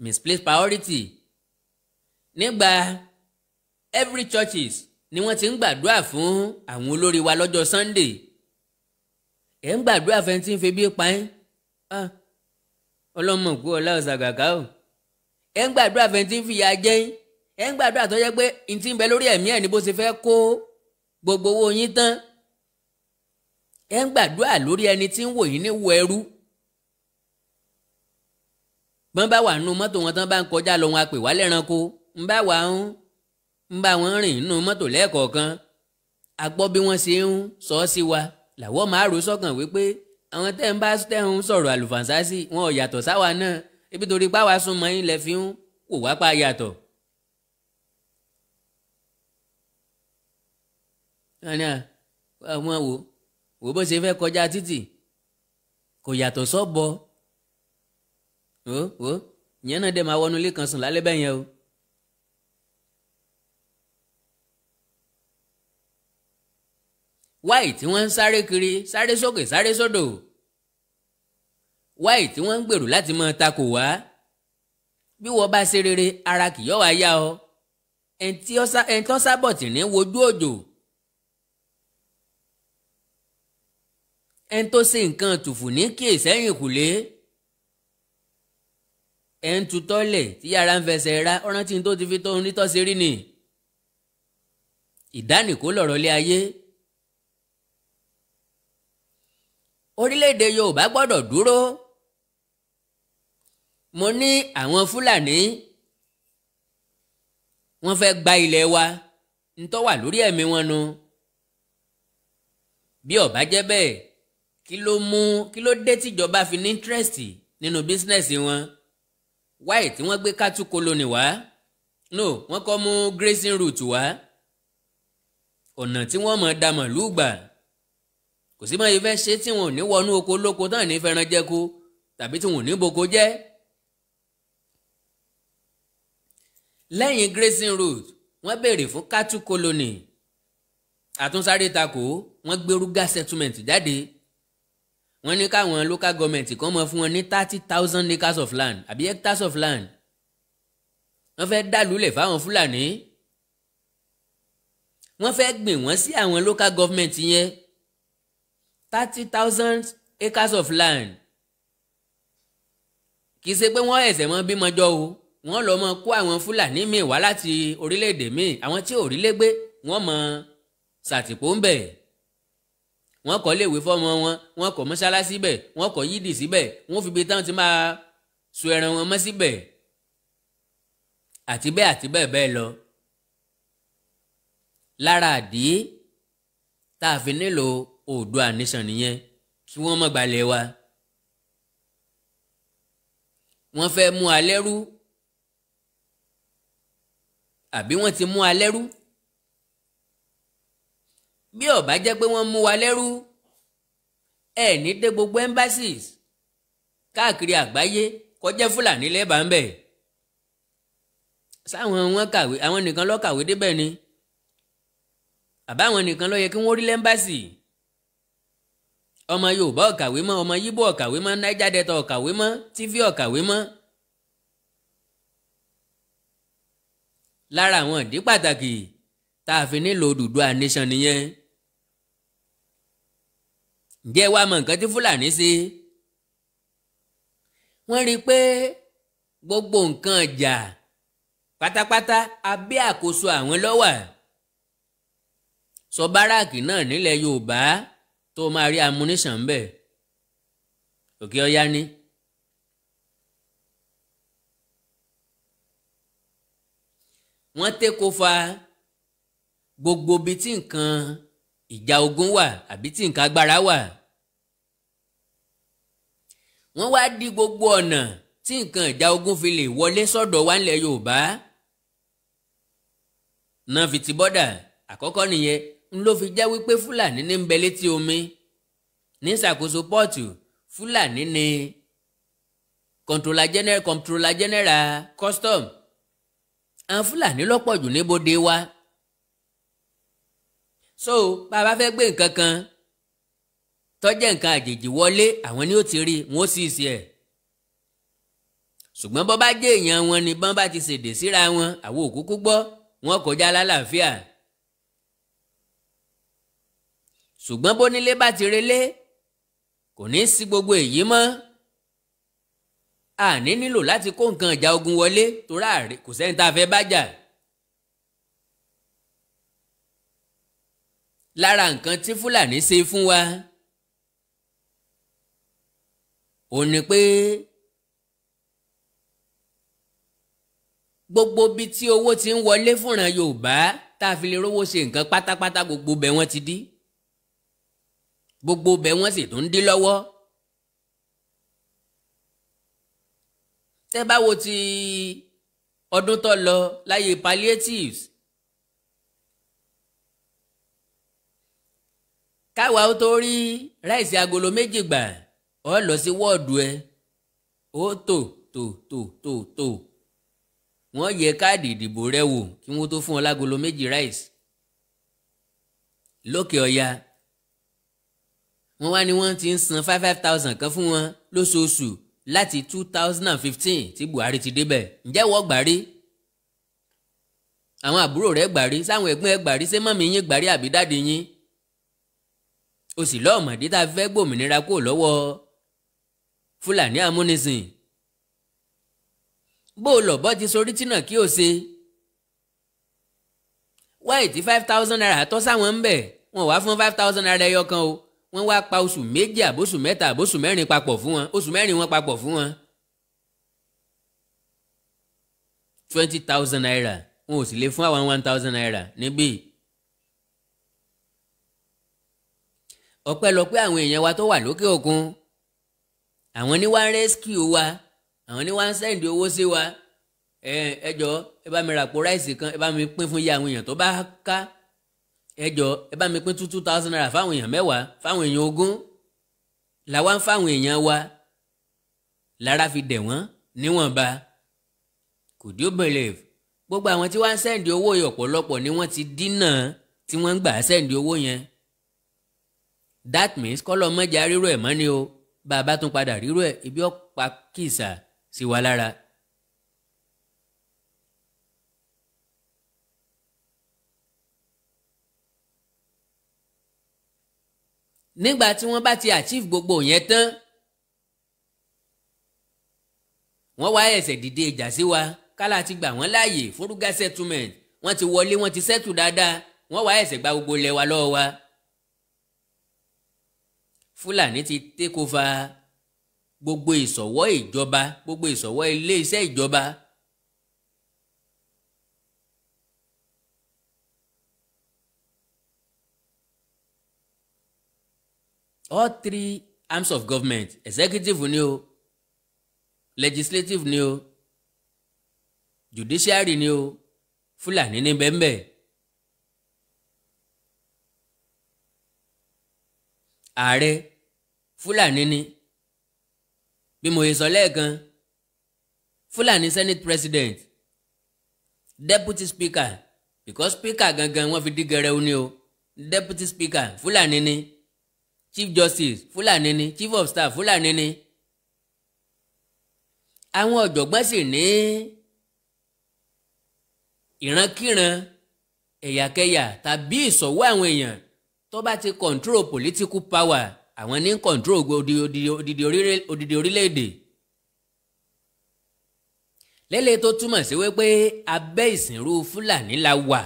[SPEAKER 1] misplaced priority nígbà every churches ni wọ́n ti ń gbàdúrà fún àwọn olórí wa lọ́jọ́ sunday ẹ̀ ń gbàdúrà fẹ́ tí ń febi pa yín ah, ọlọ́mọ ọlá ọ̀sàgàgà o ẹ̀ ń gbàdúrà fẹ́ tí ń fìyà jẹ yín ẹ̀ ń gbàdúrà tó jẹ́ pé n ti ń bẹ lórí ẹ̀mí ẹ̀ ní bó ṣe fẹ́ kó gbogbo owó yín tán ẹ̀ ń gbàdúrà lórí ẹni tí ń wò yín ní wo ẹrú bọ́n bá wà nínú mọ́tò wọn tán bá ń kọjá lọ wọn àpè wá lẹ́ranko ń bá wà ń ń bá wọn rìn nínú mọ́tò lẹ́ẹ̀kọ̀ọ̀kan àgbọ́ bí wọ́n ṣe ń sọ sí wa làwọn máa rò sọ́kàn wípé àwọn tẹ́ ń bá tẹ́ ń sọ̀rọ̀ àlùfànṣá sí wọn ò yàtọ̀ sáwa náà ibi torí pàwa súnmọ́ yín lẹ fi ń wò wá pa yàtọ̀. àná àwọn wò wò bó ṣe fẹ́ kọjá títì kò yàtọ̀ sọ́bọ wò wò ìyẹn náà dẹ̀ máa wọnú ilé kan sùn lálẹ́ bẹ́ẹ̀ yẹn o. wáì tí wọ́n ń sáré kiri sáré sókè sáré sódò wáì tí wọ́n ń gbèrò láti máa takò wá bí wọ́n bá ṣe rere ara kì yọ́ wá yá ọ ẹni tó sábọ̀tì ní wojú òjò ẹni tó ṣe nǹkan tùfù ní kí ìsẹ́yìn kùlé ẹni tutọ́lẹ̀ tí yàrá ń fẹsẹ̀ ra ọ̀rántí tó ti fi tó ń rí tọ́sí rí ni ìdánìkó lọ̀rọ̀ lé ayé. orílẹ̀-èdè Yorùbá gbọ́dọ̀ dúró mo ní àwọn Fúlàní wọ́n fẹ́ gba ilẹ̀ wa ntọ́ wà lórí ẹ̀mí wọn nu bí ọ̀bá jẹ́ bẹ́ẹ̀ kí ló mú kí ló dé tíjọba fi ní interest nínú bísínẹ́sì wọn wáì tí wọ́n gbé kátú koloni wá no wọ́n kọ́ mú grazing route wá ọ̀nà tí wọ́n mọ̀ dá màlúù kò sí báyìí fẹ́ ṣe tí wọn ò ní wọnú oko lóko tán ní fẹ́ràn jẹko tàbí tí wọn ò ní boko jẹ́. lẹ́yìn grazing road wọ́n béèrè fún cattle colony àtúnsáré takò wọ́n gbé rúgà settlement jáde wọ́n ní káwọn local government kan mọ̀ fún wọn ní thirty thousand acres of land àbí hectares of land wọ́n fẹ́ dàlúlẹ̀ fáwọn fúlàní wọ́n fẹ́ gbìn wọ́n sí àwọn local government yẹn thirty thousand acres of land kì í ṣe pé wọ́n ẹ̀sẹ̀ mọ́ bímọ jọ o wọ́n lọ mọ kó àwọn fúlàní míì wá láti orílẹ̀-èdè míì àwọn tí ò rí légbé wọ́n mọ ṣàtìpó ń bẹ̀ wọ́n kọ́ léèwé fọ́mọ wọn wọ́n kọ́ mọ́ṣáláṣí bẹ̀ wọ́n kọ́ yídì síbẹ̀ wọ́n fi ibi táwọn ti máa so ẹran wọn mọ́ síbẹ̀ àti bẹ́ẹ̀ àti bẹ́ẹ̀ bẹ́ẹ̀ lọ lára àdí tá a fi nílò Oòduà nation nìyẹn kí wọ́n má gbalẹ̀ wa. wọ́n fẹ́ mú alẹ́ rú àbí wọ́n ti mú alẹ́ rú bí ó bá jẹ́ pé wọ́n mú wa lẹ́rú ẹ ní dé gbogbo embassies káàkiri àgbáyé kọjá fúlàní lẹ́bàá ń bẹ̀ sáwọn wọn kàwé àwọn nìkan ló kàwé débẹ̀ ni àbáwọn nìkan ló yẹ kí wọ́n rí lẹ́mbàsì ọmọ yorùbá ọ̀kàwé mọ́ ọmọ yíbò ọ̀kàwé mọ́ niger delta ọ̀kàwé mọ́ tífì ọ̀kàwé mọ́. lára àwọn ìdí pàtàkì tá a fi nílò Odùduwà nation nìyẹn. ǹjẹ́ wàá mọ nǹkan tí fúlàní ṣe? wọ́n rí i pé gbogbo nǹkan ọjà pátápátá abẹ́ àkóso àwọn ló sọ báràkì náà nílẹ̀ yorùbá tó o máa rí ammunition bẹ́ẹ̀ òkè ọ̀yá ni. wọ́n tẹ́kọ̀ fa gbogbo ibi tí nǹkan ìjà ogun wà àbí tí nǹkan agbára wà. wọ́n wá di gbogbo ọ̀nà tí nǹkan ìjà ogun fi lè wọlé sọ́dọ̀ wa ńlẹ̀ Yorùbá náà fi ti bọ́dà àkọ́kọ́ nìyẹn n ló fi jẹ́ wípé fúlàní ní ń bẹ létí omi ní ṣàkóso pọ́ọ̀tù fúlàní ní comptroller general comptroller general custom àwọn fúlàní lọ́pọ̀ jù níbodè wa so bá a bá fẹ́ gbé nǹkan kan tọ́jẹ́ nǹkan àjèjì wọlé àwọn ni ó ti rí wọn ó sì sí ẹ̀ ṣùgbọ́n bọ́ bá jẹ́ èèyàn wọn ni bọ́n bá ti ṣèdè síra wọn àwọn òkúkú gbọ́ wọn kọjá lálàáfíà. La ṣùgbọ́n bónílé bá ti relé kò ní í sí gbogbo èyí mọ́ àní nílò láti kó nǹkan ìjà ogun wọlé torá kò sẹ́ni tá a fẹ́ bá jà. lára nǹkan tí fúlàní ṣe fún wa ò ní pé gbogbo bí tí owó ti ń wọlé fúnra yorùbá tá a fi lè rówó ṣe nǹkan pátápátá gbogbo bẹ́ẹ̀ wọ́n ti dí gbogbo bẹ wọ́n sì tún dí lọ́wọ́. tẹ́ bá wo ti ọdún tó lọ láyé palliatives káwa ó tó rí ráìsì agolo méjì gbà ọ lọ sí wọ́ọ̀dù ẹ ó tò tò tò tò tò wọ́n yẹ káàdì ìdìbò rẹ wò kí wọ́n tó fún ọ lágolo méjì ráìsì lókè ọya wọ́n wá ní wọ́n ti ń san five five thousand kan fún wọn lóṣooṣù láti two thousand and fifteen tí Buhari ti débẹ̀ ǹjẹ́ wọ́n gbà rí àwọn àbúrò rẹ̀ gbà rí sáwọn ẹ̀gbọ́n ẹ̀ gbà rí ṣé mọ́mí yín gbà rí àbí dáàdi yín o sì lọ́ọ̀mọ̀dé tá a fẹ́ gbòmìnira kó lọ́wọ́ Fúlàní amúnisìn bó o lọ̀bọ́ ti sorí tínà kí o ṣe wáyé tí five thousand naira tọ́ sáwọn ń bẹ̀ wọ́n wá fún five thousand naira ẹyọ kan o wọ́n wá pa oṣù méjì àbóṣù mẹ́ta àbóṣù mẹ́rin papọ̀ fún wọn oṣù mẹ́rin wọn papọ̀ fún wọn. twenty thousand naira wọn ò sì lè fún àwọn one thousand naira níbí. ọpẹ́lọpẹ́ àwọn èèyàn wa tó wà lókè òkun àwọn ní wá ń rescue wa àwọn ní wá ń send owó sí wa ẹ jọ ẹ bá mi ràpò ráìsì kan ẹ bá mi pín fún iye àwọn èèyàn tó bá ká ẹ jọ ẹ bá mi pín two thousand naira fáwọn èèyàn mẹ́wàá fáwọn èèyàn ogún làwa ń fáwọn èèyàn wa lára fi dẹ̀ wọ́n níwọ̀nba could you believe gbogbo àwọn tí wọ́n ń sẹ́ǹdì owó yìí ọ̀pọ̀lọpọ̀ ni wọ́n ti dínà tí wọ́n ń gbà sẹ́ǹdì owó yẹn that means kọ́lọ́ mọ́jà rírọ̀ ẹ̀ mọ́ ni o bàbá tún padà rírọ̀ ẹ̀ ibi ọ̀pá kìsà sí wa lára. nígbà tí wọ́n bá ti achieve gbogbo yẹn tán wọ́n wá ẹsẹ̀ dìde ìjà sí wa kálá ti gbà wọ́n láàyè fúrúgá settlement wọ́n ti wọlé wọ́n ti settle dáadáa wọ́n wá ẹsẹ̀ gba gbogbo ilẹ̀ lọ́wọ́ wa. Fúlàní ti take over gbogbo ìsọ̀wọ́ ìjọba gbogbo ìsọ̀wọ́ ilé iṣẹ́ ìjọba all three arms of government executive ni o legislative ni o judiciary ni o Fúlàní ní bẹ́ẹ̀nbẹ́ ààrẹ Fúlàní ni bí mo yẹ sọ lẹ́ẹ̀kan Fúlàní senate president deputy speaker because speaker gangan wọ́n fi dí gẹrẹ o deputy speaker Fúlàní ni chief justice fúlàní ni chief of staff fúlàní ni àwọn ọ̀jọ̀gbọ́n sì ní ìrankíran ẹ̀yàkẹ́yà tàbí ìsọ̀wọ́ àwọn èèyàn tó bá ti control political power àwọn ní control odidi orílẹ̀-èdè lélẹ̀ tó túmọ̀ sí wípé abẹ́ ìsìnrú fúlàní la wà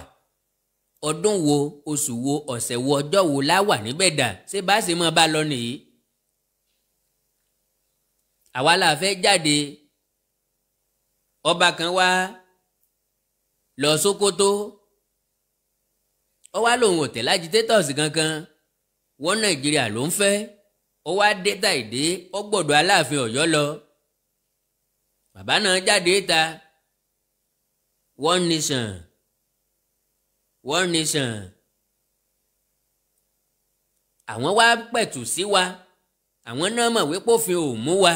[SPEAKER 1] ọdún wo oṣù wo ọ̀sẹ̀ wo ọjọ́ wo la wà níbẹ̀ dà ṣé bá ṣe máa bá lọ nìyí. àwa la fẹ́ jáde ọba kan wá lọ Sókótó ó wá lòun ò tẹ̀lé agitators kankan wọ́n Nàìjíríà ló ń fẹ́ ó wá dé tàìdé ó gbọ́dọ̀ Aláàfin Ọ̀yọ́ lọ bàbá náà jáde ta one nation one nation àwọn wá pẹ̀tù sí wa àwọn náà mọ̀ wípé òfin ò mú wa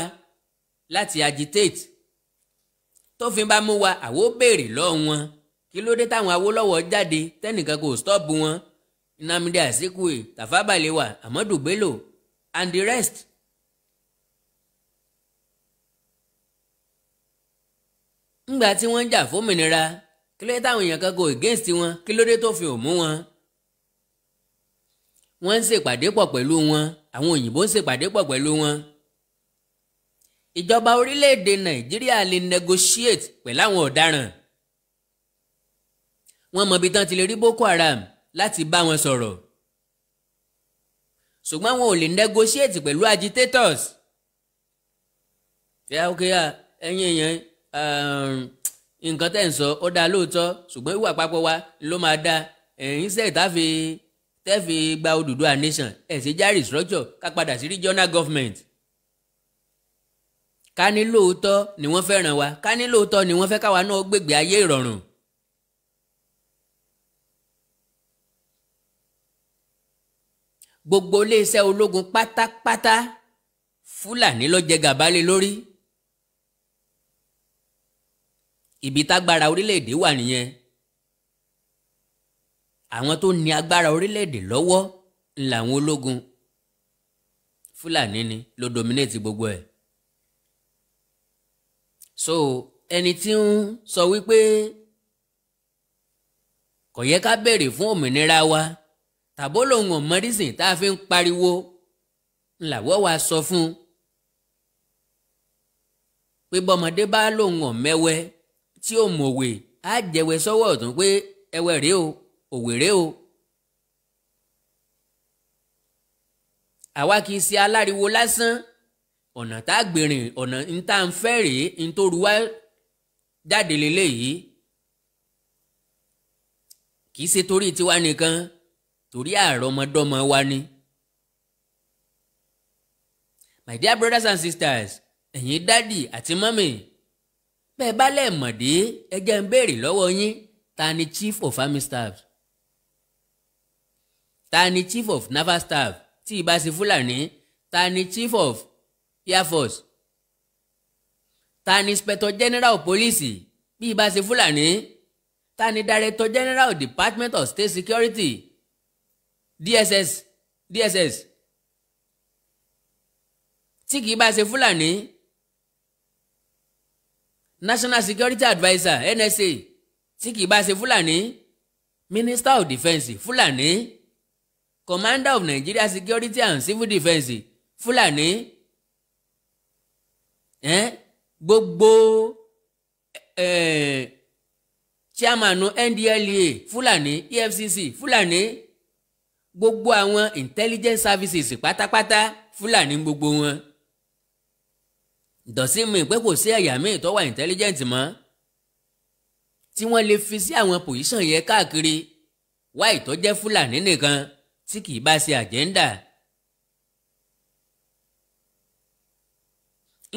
[SPEAKER 1] láti agitate tófin bá mú wa àwo béèrè lọ́wọ́ wọn kí ló dé táwọn Awólọ́wọ̀ jáde tẹ́nìkan kò stop wọn Nnamdi Azikiwe Tafa Balewa Ahmadu Bello and the rest. ńgbà tí wọ́n ń jà fómìnira kí ló táwọn èèyàn kan go against wọn kí ló dé tó fi ò mú wọn. wọ́n ń ṣèpàdé pọ̀ pẹ̀lú wọn àwọn òyìnbó ń ṣèpàdé pọ̀ pẹ̀lú wọn. ìjọba orílẹ̀-èdè nàìjíríà lè negotiate pẹ̀lú àwọn ọ̀daràn. wọ́n mọ ibi tán ti lè rí boko haram láti bá wọn sọ̀rọ̀. ṣùgbọ́n wọn ò lè negotiate pẹ̀lú agitators. ẹ ok ẹyin èèyàn um, nǹkan tẹ̀ ń sọ ó dáa lóòótọ́ ṣùgbọ́n ìwà àpapọ̀ wa ló máa dáa ẹ̀yìn sẹ́ẹ̀ táfi tẹ́fi gba Odùduwà nation ẹ̀ sì já restructure ká padà sí regional government. ká ní lóòótọ́ ni wọ́n fẹ́ ràn wá ká ní lóòótọ́ ni wọ́n fẹ́ káwa náà gbègbè ayé ìrọ̀rùn. gbogbo iléeṣẹ́ ológun pátápátá Fúlàní ló jẹ gàba lórí. ibi tágbára orílẹ̀-èdè wà nìyẹn àwọn tó ní agbára orílẹ̀-èdè lọ́wọ́ làwọn ológun fúlàní ni ló dominate gbogbo ẹ̀ so ẹni tí ń sọ wípé kò yẹ ká béèrè fún òmìnira wa tàbó lòun ò mọ rísìn tá a fi ń pariwo làwọ́ wa sọ fún un pé bọ́mọdé bá lòun ò mẹ́wẹ́ tí ó mọ̀wé á jẹ̀wẹ́ sọ́wọ́ ọ̀tún pé ẹwẹ́ rèé o òwe rèé o. àwa kì í ṣe aláriwo lásán ọ̀nà tá a gbèrìn ọ̀nà ń tá a ń fẹ́ rèé ń tó ruwá jáde lélẹ́yìí kì í ṣe torí tiwa nìkan torí àrọ́mọdọ́mọ wa ni. my dear brothers and sisters ẹ̀yin dádì àti mọ́mì bẹ́ẹ̀ bá lẹ̀ mọ̀dé ẹ jẹ́ ń béèrè lọ́wọ́ yín ta ni chief of army staff ta ni chief of naval staff tí ìbá ṣe fúlàní ta ni chief of air force ta ni inspector general police bí ìbá ṣe fúlàní ta ni director general department of state security dss dss tí kì í bá ṣe fúlàní national security adviser nsa tí kì í bá ṣe fúlàní minister of defence fúlàní commander of nigeria security and civil defence fúlàní eh? gbogbo eh, chairman ndlea fúlàní efcc fúlàní gbogbo àwọn intelligence services pátápátá fúlàní gbogbo wọn dọ̀sí mi pé kò sí ẹ̀yà míì tó wà intelligent mọ́ tí wọ́n lè fi sí àwọn pòsíṣàn yẹn káàkiri wá ìtọ́jẹ́ fúlàní nìkan tí kì í bá ṣe àjẹ́ńdà.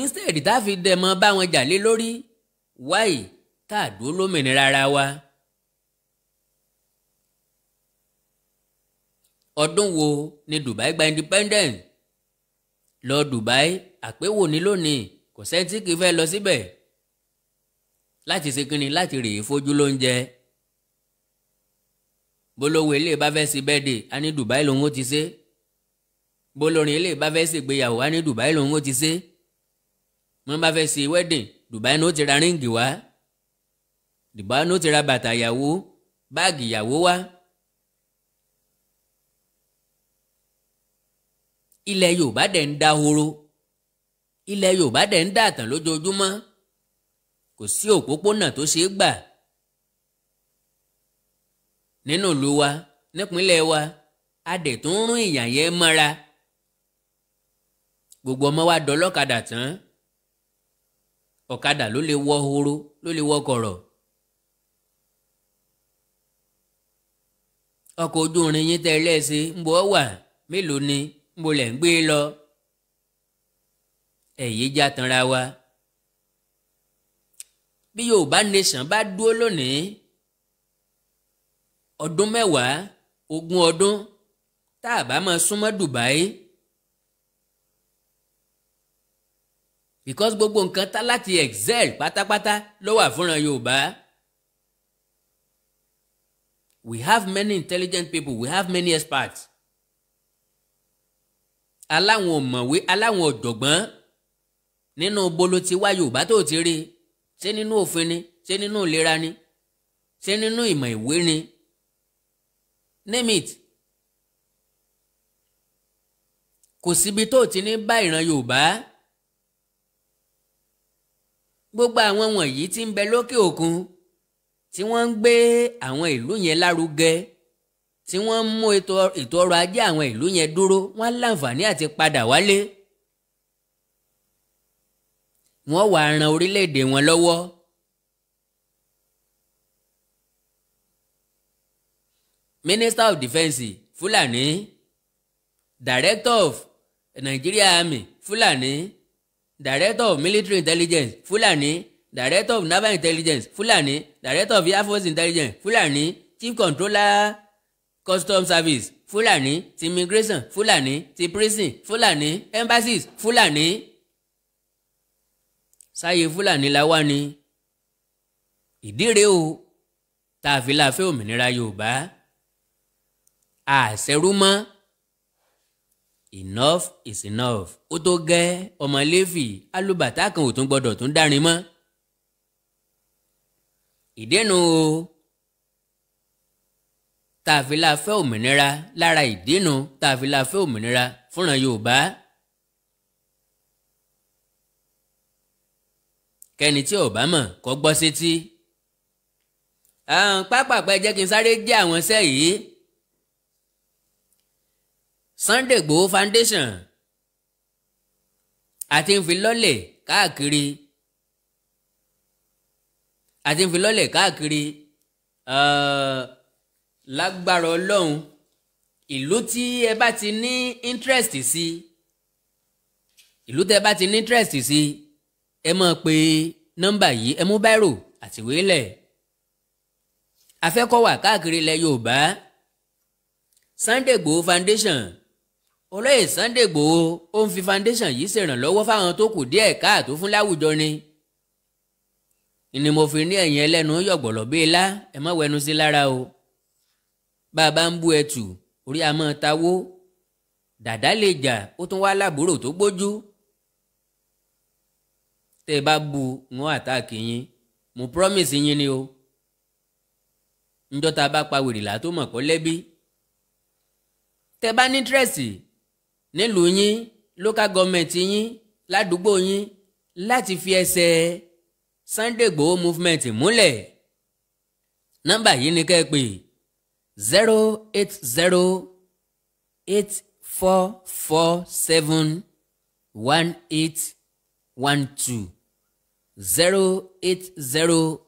[SPEAKER 1] instead tá a fi dẹ̀mọ́ bá wọn jà lé lórí wáì tá a dúró lómìnira ara wa. ọdún wo ni Dubai gba independent lọ Dubai àpéwò ní lónìí kò sẹ́ni tí kì í fẹ́ lọ síbẹ̀ láti ṣe kínni láti rèé fojú lóúnjẹ bólówó ilé bá fẹ́ ṣe bẹ́ẹ̀dì á ní Dubai lòun ó ti ṣe bólórin ilé bá fẹ́ ṣègbéyàwó á ní Dubai lòun ó ti ṣe wọ́n bá fẹ́ ṣe wedding Dubai ní ó ti ra ríǹgì wá Dubai ní ó ti ra bàtà ìyàwó báàgì ìyàwó wá. ilẹ̀ Yorùbá dẹ̀ ń dahoro ilẹ̀ yorùbá dẹ̀ ń dàtàn lójoojúmọ́ kò sí òpópónà tó ṣeé gbà nínú ìlú wa nípínlẹ̀ wa a dẹ̀ tó ń rún ìyàn yẹn mọ́ra gbogbo ọmọ wa dọlọ́kadà tán ọ̀kadà ló lè wọ horo ló lè wọ kọ̀rọ̀ ọkọ̀ ojú irin yín tẹ́ ẹ lẹ́sẹ̀ ń bọ́ ni ń le ń gbé ẹ̀yẹ́ já tanra wa bí Yorùbá nation bá dúró lónìí ọdún mẹ́wàá ogún ọdún tá a bá máa súnmọ́ Dubai because gbogbo nǹkan tá láti excel pátápátá ló wà fúnra Yorùbá we have many intelligent people we have many experts aláwọn ọ̀mọ̀wé aláwọn ọ̀jọ̀gbọ́n nínú bolo ti wá yorùbá tó ti rí ṣé nínú òfin ni ṣé nínú ìlera ni ṣé nínú ìmọ̀ ìwé ni name it kò síbi tó ti ní bá ìran yorùbá gbogbo àwọn wọ̀nyí tí ń bẹ lókè òkun tí wọ́n ń gbé àwọn ìlú yẹn lárugẹ tí wọ́n ń mú ètò ọrọ̀ ajé àwọn ìlú yẹn dúró wọ́n láǹfààní àti padà wálé wọ́n wàá ran orílẹ̀-èdè wọn lọ́wọ́. minister of defence Fulani director of Nigeria Army Fulani director of military intelligence Fulani director of naval intelligence Fulani director of air force intelligence Fulani chief controller customs service Fulani ti immigration Fulani ti prison Fulani embassies Fulani sáyé fúlàní la wá ni ìdí rèé o tá a fi láfẹ́ òmìnira yorùbá àṣẹrú mọ́ enough is enough ó tó gẹ́ ọmọ lẹ́fì alùbàtà kan ò tún gbọ́dọ̀ tún dárin mọ́ ìdẹ́nu o tá a fi láfẹ́ òmìnira lára ìdínú tá a fi láfẹ́ òmìnira fúnra yorùbá. kẹ́ni tí ò bá mọ̀ kó gbọ́ sétí. pápápá ẹ jẹ́ kí n sáré jẹ́ àwọn iṣẹ́ yìí. Sunday Igboho Foundation àti ń fi lọ́lẹ̀ káàkiri àti ń fi lọ́lẹ̀ káàkiri uh, lágbára ọlọ́run ìlú tí ẹ bá ti ní interest sí ìlú tí ẹ bá ti ní interest sí. Si, ẹ máa pe nọ́mbà yìí ẹ mú báírò àtìwé lẹ̀ afẹ́kọ́ wà káàkiri ilẹ̀ Yorùbá Sunday Igboho foundation olóyè Sunday Igboho ó ń fi foundation yìí ṣèrànlọ́wọ́ fáwọn tó kù díẹ̀ káàtó fún láwùjọ ni ni mo fi ní ẹ̀yìn ẹlẹ́nu yọ̀gbọ̀lọ̀ bíi lá ẹ má wẹnu sí lára o bá a bá ń bú ẹtù orí a máa tawó dàdá lè jà ó tún wá láàbúrò tó gbójú tẹ́ ẹ bá bu wọn àtàkì yín mo promise yín ni o njọ́ tá a bá pa wèrèlà tó mọ̀ kọ́ lẹ́bí tẹ́ bá ní dírẹ́sì nílùú yín local government yín ládùúgbò yín láti fi ẹsẹ̀ Sunday Igboho movement múlẹ̀ nọ́mbà yìí ni kẹ́ zero eight zero eight four four seven one eight one two zero eight zero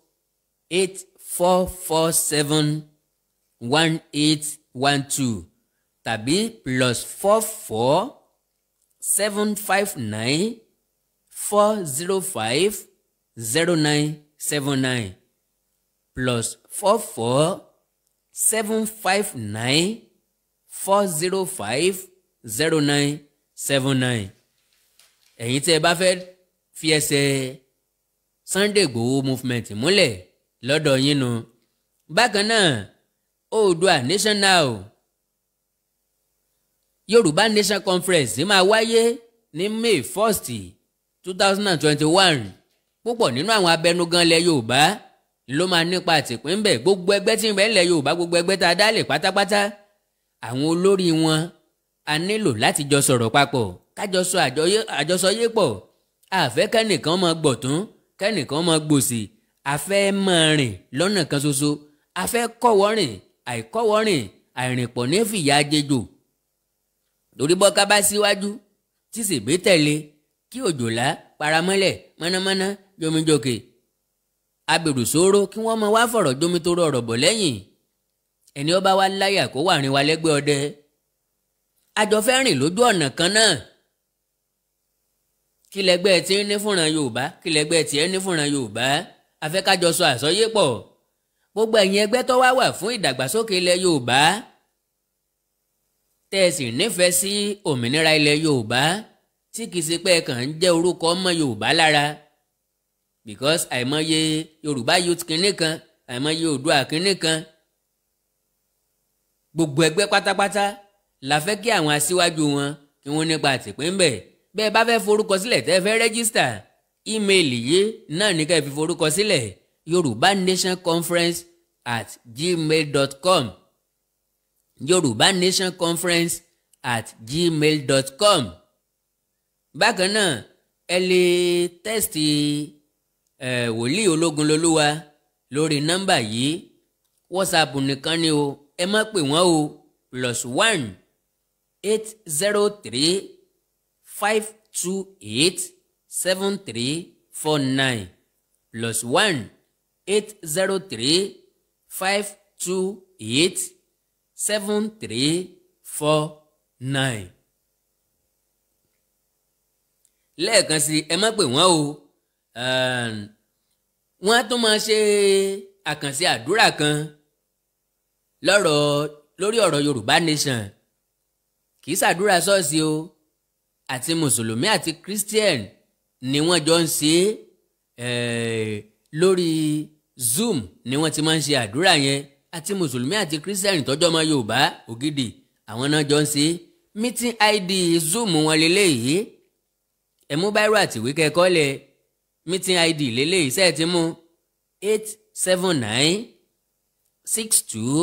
[SPEAKER 1] eight four four seven one eight one two tàbí plus four four seven five nine four zero five zero nine seven nine plus four four seven five nine four zero five zero nine seven nine ẹ̀yin tẹ́ ẹ bá fẹ́ fi ẹsẹ̀ Sunday Igboho movement múlẹ̀ lọ́dọ̀ yín nu bákan náà Oòduà National Yorùbá Nation Conference máa wáyé ní May 1st 2021 púpọ̀ nínú àwọn abẹnugan ilẹ̀ Yorùbá ló máa nípa àtìpín ń bẹ̀ gbogbo ẹgbẹ́ tí ń bẹ ńlẹ̀ Yorùbá gbogbo ẹgbẹ́ tá a dálẹ̀ pátápátá àwọn olórí wọn a nílò láti jọ sọ̀rọ̀ papọ̀ kájọ sọ àjọsọ yé pọ̀ àfẹ́kẹ́ nìkan mọ gbọ̀tún kẹ́nìkan máa gbòsè àfẹ́ máa rìn lọ́nà kan ṣoṣo àfẹ́ kọ́wọ́ rìn àìkọ́wọ́ rìn àìrìnpọ̀ ní fìyà jẹjò torí bọ́ká bá síwájú tí sèbé tẹ̀lé kí òjòlá paramọ́lẹ̀ mọ́nàmọ́ná jomijòkè abèrò sóró kí wọ́n máa wá fọ̀rọ̀ jomitoro ọ̀rọ̀ bọ̀ lẹ́yìn ẹni ọba wa láyà kó wà rìn wa lẹ́gbẹ́ ọdẹ àjọfẹ́ rìn lójú ọ̀nà kan náà kí lẹgbẹ́ tí ń ní fúnra yorùbá kí lẹgbẹ́ tí ń ní fúnra yorùbá afẹ́kájọ sọ àsọyé pọ̀ gbogbo ẹ̀yin ẹgbẹ́ tó wá wà fún ìdàgbàsókè ilẹ̀ yorùbá tẹ̀sí nífẹ̀ẹ́ sí òmìnira ilẹ̀ yorùbá tí kìí ṣe pé ẹ̀kàn ń jẹ́ orúkọ ọmọ yorùbá lára because àìmọye yorùbá youth kìnní kan àìmọye oòduà kìnní kan gbogbo ẹgbẹ́ pátápátá la fẹ́ kí àwọn aṣíwájú wọn kí wọ́n nípa àtìpín bẹ́ẹ̀ bẹ́ẹ̀ bá fẹ́ forúkọ sílẹ̀ tẹ́ fẹ́ rẹ́gísítà ímeèlì yìí náà ní ká ẹ fi forúkọ sílẹ̀ yorùbá nation conference at gmail dot com yorùbá nation conference at gmail dot com bákan náà ẹ lè tẹ́sítì ẹ̀ wòlíì ológun lolúwa lórí nọ́mbà yìí whatsapp nìkan ni o ẹ má pè wọ́n o plus one eight zero three five two eight seven three four nine plus one eight zero three five two eight seven three four nine. lẹ́ẹ̀kan sí ẹ má pè wọ́n o um, wọ́n á tún máa ṣe àkànṣe àdúrà kan lọ́rọ̀ lórí ọ̀rọ̀ Yorùbá Nation kì í ṣàdúrà ṣọ́ọ̀ṣì o àti mùsùlùmí àti christian ni wọ́n jọ ń ṣe é lórí zoom ni wọ́n ti máa ń ṣe àdúrà yẹn àti mùsùlùmí àti christian tọ́jọ́ ọmọ yorùbá ògidì àwọn náà jọ ń ṣe é meeting id zoom wọn lélẹ́yìí ẹ mú báírò àtìwé kẹ́kọ́ lẹ̀ meeting id lélẹ́yìí sẹ́ẹ̀ ti mú eight seven nine six two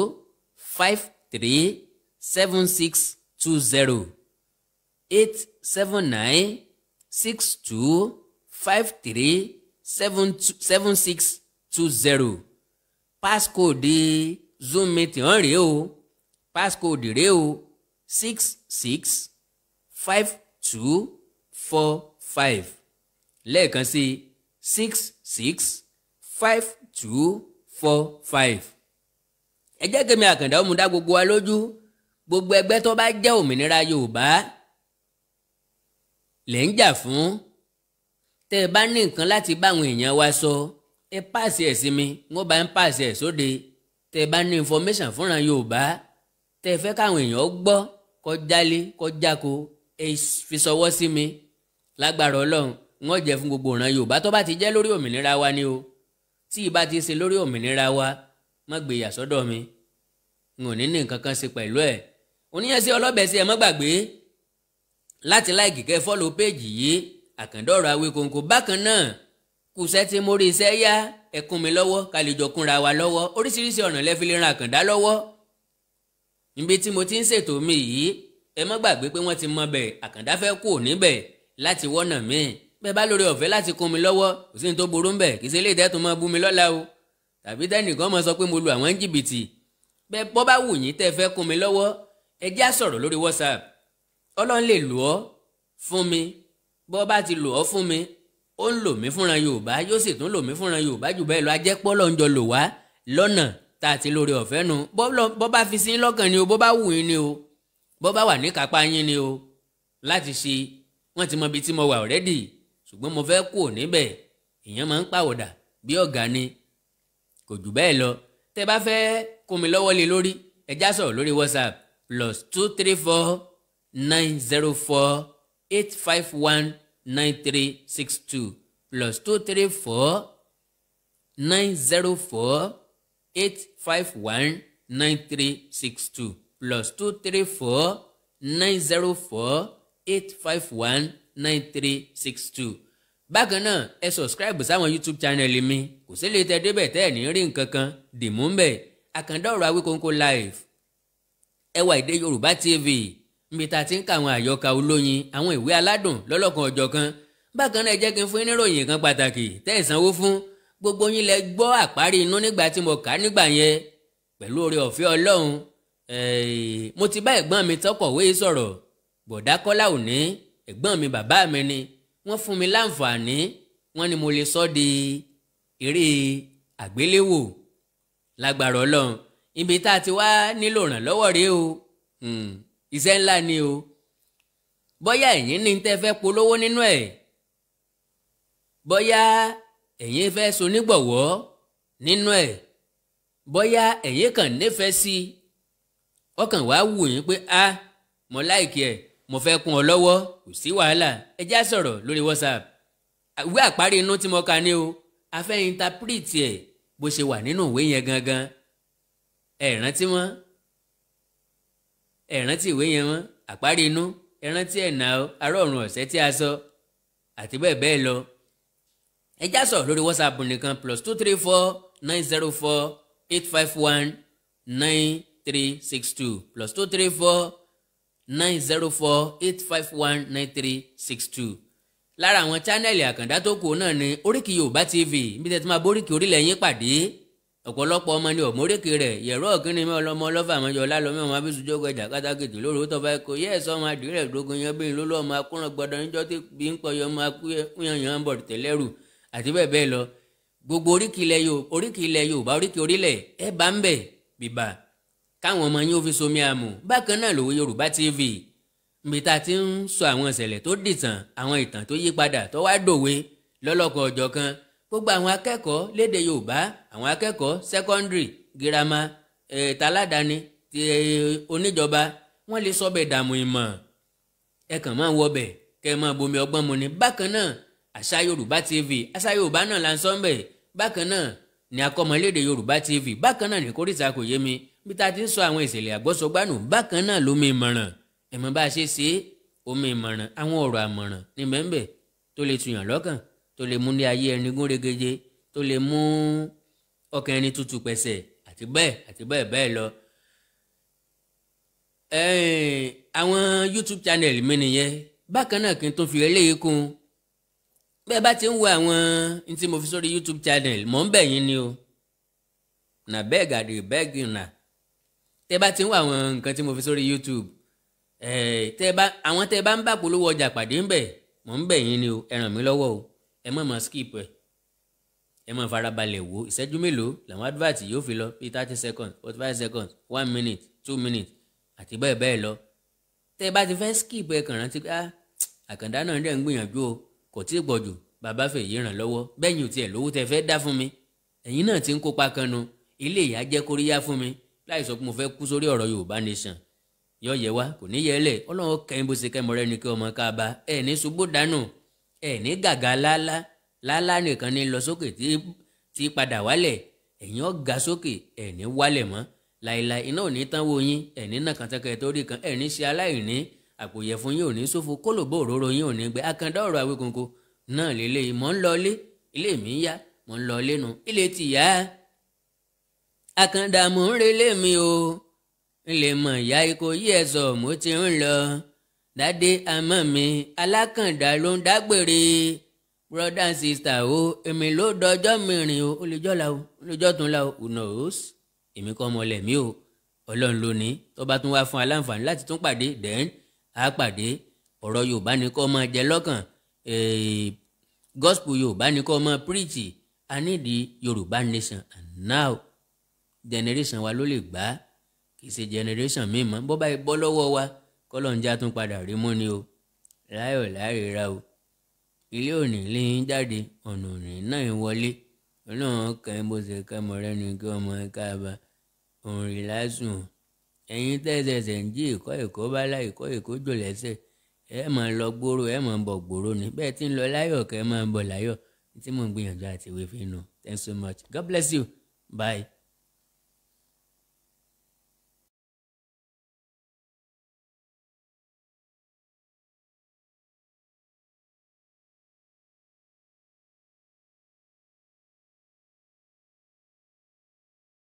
[SPEAKER 1] five three seven six two zero eight seven nine six two five three seven two seven six two zero passcode zoom meeting ọ̀hún rèé o passcode rèé o six six five two four five lẹ́ẹ̀kan sí six six five two four five. ẹ jẹ́ kí mi àkàndá ó mu dá gbogbo wa lójú gbogbo ẹgbẹ́ tó bá jẹ́ òmìnira Yorùbá lẹ̀ ń jà fún tẹ́ ẹ bá ní nǹkan láti bá àwọn èèyàn wa sọ ẹ páàsì ẹ̀ sí mi wọ́n bá ń páàsì ẹ̀ sóde tẹ́ ẹ bá ní information fúnra Yorùbá tẹ́ ẹ fẹ́ káwọn èèyàn gbọ́ kọjálé kọjáko ẹ fi sọwọ́ sí mi lágbára Ọlọ́run wọ́n jẹ́ fún gbogbo ìran Yorùbá tó bá ti jẹ́ lórí òmìnira wa ni o tí ì bá ti ṣe lórí òmìnira wa má gbé yà mi n ò ní ní nǹkan kan ṣe pẹ̀lú ẹ̀ oníyẹ̀sí ọlọ́bẹ̀ ẹ má gbàgbé láti láìkì kẹ́ fọ́lọ̀ péèjì yìí àkàndọ̀rọ̀ Awikonko bákan náà kùsẹ́ tí mo iṣẹ́ yá ẹkún mi lọ́wọ́ ká kúnra wa lọ́wọ́ oríṣiríṣi ọ̀nà lẹ́fi lè ran àkàndá lọ́wọ́ níbi tí mo ti ń ṣètò mi yìí ẹ má gbàgbé pé wọ́n ti mọ bẹ̀ àkàndá fẹ́ kú níbẹ̀ láti wọ́nà mi bẹ́ẹ̀ bá lórí ọ̀fẹ́ láti kún mi lọ́wọ́ kò sí ní tó burú ń bẹ̀ kì í ṣe eléyìí tẹ́tùn mọ́ bú mi lọ́la o tàbí tẹ́nìkan mọ́ sọ pé mo lu àwọn jìbìtì bẹ́ẹ̀ bọ́ bá wù yín tẹ́ fẹ́ kún mi lọ́wọ́ ẹ já sọ̀rọ̀ lórí WhatsApp 0244 ọlọ́run lè lò ọ́ fún mi bó bá ti lò ọ́ fún mi ó ń lò mí fúnra yorùbá yóò sì tún lò mí fúnra yorùbá jù bẹ́ẹ̀ lọ ajẹ́ pọ́ lọ́njọ lò wá lọ́nà tá a ti lórí ọ̀fẹ́ nu bó bá fi sí lọ́kàn ni o bó bá wù yín ni o bó bá wà ní kápá yín ni o láti ṣe wọ́n ti mọ ibi tí mo wà ọ̀rẹ́dì ṣùgbọ́n mo fẹ́ kú níbẹ̀ èèyàn máa ń pàwọ̀dà bí ọ̀gá ni kò jù bẹ́ẹ̀ lọ tẹ́ bá fẹ́ kún mi lọ́wọ́ lé lórí ẹ já sọ̀rọ̀ lórí whatsapp plus two three four nine zero four eight five one nine three six two plus two three four nine zero four eight five one nine three six two plus two three four nine zero four eight five one nine three six two. bákan náà ẹ sọ̀scribe sáwọn youtube channel mi kò sí lè tẹ débẹ̀ tẹ́ ẹ̀ ní rí nǹkan kan dìmú ń àkàndá ọ̀rọ̀ Awíkonko live ẹwà èdè yorùbá tv níbi tá a ti ń kàwọn àyọkà olóyin àwọn ìwé aládùn lọ́lọ́kan ọ̀jọ̀kan bákan náà jẹ́ kí n fún yín níròyìn kan pàtàkì tẹ́ ẹ̀ sanwó fún gbogbo yín lẹ gbọ́ àparí inú nígbà tí mo kà á nígbà yẹn pẹ̀lú oore ọ̀fẹ́ ọlọ́run mo ti bá ẹ̀gbọ́n mi tọkọ̀wé sọ̀rọ̀ bọ̀dá kọ́lá òní ẹ̀gbọ́n mi bàbá mi ni wọ́n fún mi láǹfààní wọ́n ní mo lè sọ di eré àgbéléwò lágbára ọlọ́run ibi tá a ti wá nílò ìrànlọ́wọ́ rèé o. Hmm iṣẹ́ ńlá ni o bóyá ẹ̀yin ní tẹ́ fẹ́ polówó nínú ẹ̀ bóyá ẹ̀yin fẹ́ sonígbọ̀wọ́ nínú ẹ̀ bóyá ẹ̀yin kàn nífẹ̀ẹ́ sí i ọkàn wàá wù yín pé a mo láìkí ẹ̀ mo fẹ́ kún ọ lọ́wọ́ kò sí wàhálà ẹ já sọ̀rọ̀ lórí WhatsApp ìwé àparí inú tí mo kà ní o a fẹ́ interpret ẹ̀ bó ṣe wà nínú ìwé yẹn gangan ẹ̀ rántí mọ́ ẹ rántí ìwé yẹn mọ́ àparí inú ẹ rántí ẹ̀nà ará ọ̀run ọ̀sẹ̀ tí a sọ àti bẹ́ẹ̀ bẹ́ẹ̀ lọ. ẹ já sọ̀rọ̀ lórí whatsapp nìkan plus two three four nine zero four eight five one nine three six two plus two three four nine zero four eight five one nine three six two lára àwọn chánẹ́ẹ̀lì àkàndá tó kù náà ni oríkì yorùbá tv níbi tẹ́ ti máa bóríkì orílẹ̀ yín pàdé ọ̀pọ̀lọpọ̀ ọmọ ni ọ̀mọ́rèké rẹ̀ yẹ̀rọ ọ̀kínní mi ọlọ́mọ ọlọ́fà àmọ́jọ ọlálọ́mí ọmọ abẹ́sùjọ́gọ ẹ̀jà kátàkìtì lóru tó bá kó yẹ́ ẹ̀sọ́ ọmọ adìrẹ́ ìdógún yan bíi lólú ọmọ akúràn gbọdọ̀ níjọ́ tí bí ń pọ̀yọ ọmọ akúyànyàn ń bọ̀ tẹ́lẹ́rù àti bẹ́ẹ̀ bẹ́ẹ̀ lọ gbogbo oríkì ilẹ̀ Yorùbá oríkì orílẹ̀ ẹ bá ń somi àmù bákan náà lòwe Yorùbá TV níbi tá a ti ń sọ àwọn ìṣẹ̀lẹ̀ tó dìtàn àwọn ìtàn tó yí padà gbogbo àwọn akẹ́kọ̀ọ́ léde yorùbá àwọn akẹ́kọ̀ọ́ sẹ́kọ́ndìrì girama ẹ̀ẹ́dáládàáni ti oníjọba wọ́n lè sọ bẹ́ẹ̀ dààmú ìmọ̀ ẹ kàn máa wọ bẹ̀ kẹ́ ẹ máa bomi ọgbọ́n mu ni bákan náà àṣà yorùbá tv àṣà yorùbá náà là ń sọ ń bẹ̀ bákan náà ni akọ́mọlédè yorùbá tv bákan náà ni kórìíta kò yé mi bí ta ti ń sọ àwọn ìṣẹ̀lẹ̀ àgbọ́sọgbánù bákan náà lómi ìmọ̀ràn ẹ̀mọ́ bá a ṣe ṣe omi ìmọ̀ràn àwọn ọ̀rọ̀ àmọ̀ràn ní bẹ́ẹ̀ bẹ́ẹ̀ tó lè tuyàn lọ́kàn tó lè mú ní ayé ẹni gún régéje tó lè mú ọkàn ẹni tutù pẹ̀sẹ̀ àti bẹ́ẹ̀ àti bẹ́ẹ̀ bẹ́ẹ̀ lọ. àwọn YouTube channel mi nìyẹn bákan náà kí n tún fi eléyìí kún bẹ́ẹ̀ bá ti ń wo àwọn n tí mo fi sórí YouTube channel mò ń bẹ̀ yín ni o Na bẹ́ẹ̀ gàdì bẹ́ẹ̀ gìnà tẹ́ bá ti ń wo àwọn nǹkan tí mo fi sórí YouTube tẹ́ bá àwọn tẹ́ bá ń bá polówó ọjà pàdé ń bẹ̀ mò ń bẹ̀ yín ni o ẹ ràn mí lọ́wọ́ o ẹ má máa skip ẹ ẹ máa farabalẹ̀ wò ìṣẹ́jú mélòó làwọn advert yóò fi lọ bíi thirty seconds forty five seconds one minute two minutes àti bẹ́ẹ̀ bẹ́ẹ̀ lọ tẹ́ ẹ bá ti fẹ́ skip ẹ kàn rántí pé ah àkàndá náà dẹ̀ ń gbìyànjú o kò tí ì pọ̀ jù bàbá fèyí ràn lọ́wọ́ bẹ́yìn ò tiẹ̀ lówó tẹ́ fẹ́ dá fún mi ẹ̀yin náà ti ń kópa kanu ilé ìyá jẹ́ kóríyá fún mi láì sọ pé mo fẹ́ kú sórí ọ̀rọ̀ Yorùbá Nation yọ yẹ wá kò ní yẹ lẹ̀ ọlọ́run kẹ́yìn bó ṣe kẹ́ mọ́rẹ́ kí ọmọ ká bá ẹ̀ ní ṣubú dànù ẹ̀ ní gàgà lálá lálá nìkan ní lọ sókè tí tí padà wálẹ̀ ẹ̀yin ó ga sókè ẹ̀ ní wálẹ̀ mọ́ láìláì iná ò ní tán wo yín ẹ̀ ní nàkan tán kẹ́ẹ̀ torí kan ẹ̀ ní ṣe aláìní àpòyẹ̀fun yín ò ní ṣòfò kólòbó òróró yín ò ní gbẹ akandá ọ̀rọ̀ Awikonko náà lélẹ́yìí mò ń lọ ilé ilé mi ń yá mò ń lọ ilé nu ilé ti yá akandá mò ń relé mi o ilé mọ̀ ìyá ikọ̀ yí mo ti ń lọ dáde àmọ́ mi alákàndá ló ń dágbére brother and sister o èmi ló dọjọ́ mìíràn o ó lè jọ́ la o ó lè jọ́ tún la o who knows èmi kọ́ ọmọ ọlẹ̀ mi o ọlọ́run ló ní tó bá tún wá fún aláǹfààní láti tún pàdé then á pàdé ọ̀rọ̀ yorùbá ni kó máa jẹ lọ́kàn eh, gospel yorùbá ni kó máa preach i need yorùbá nation and now generation wa ló lè gbà kì í ṣe generation mi mọ́ bó bá yẹ bọ́ lọ́wọ́ wa kọ́lọ́njá tún padà rí mú ni o láyọ̀ láyèrà o ilé òní lè ń jáde ọ̀nà òní náà ń wọlé ọlọ́run kan bó ṣe kámọ rẹ́nu kí ọmọ káàbà òrìn lásùn ẹ̀yin tẹ́sẹ̀sẹ̀ ń jí ìkọ́ ìkó bá láì kọ́ ìkó jò lẹ́sẹ̀ ẹ máa lọ gbòòrò ẹ máa bọ̀ gbòòrò ni bẹ́ẹ̀ tí ń lọ láyọ̀ kẹ́ máa bọ̀ láyọ̀ tí mò ń gbìyànjú àti ìwé fi thanks so much god bless you bye.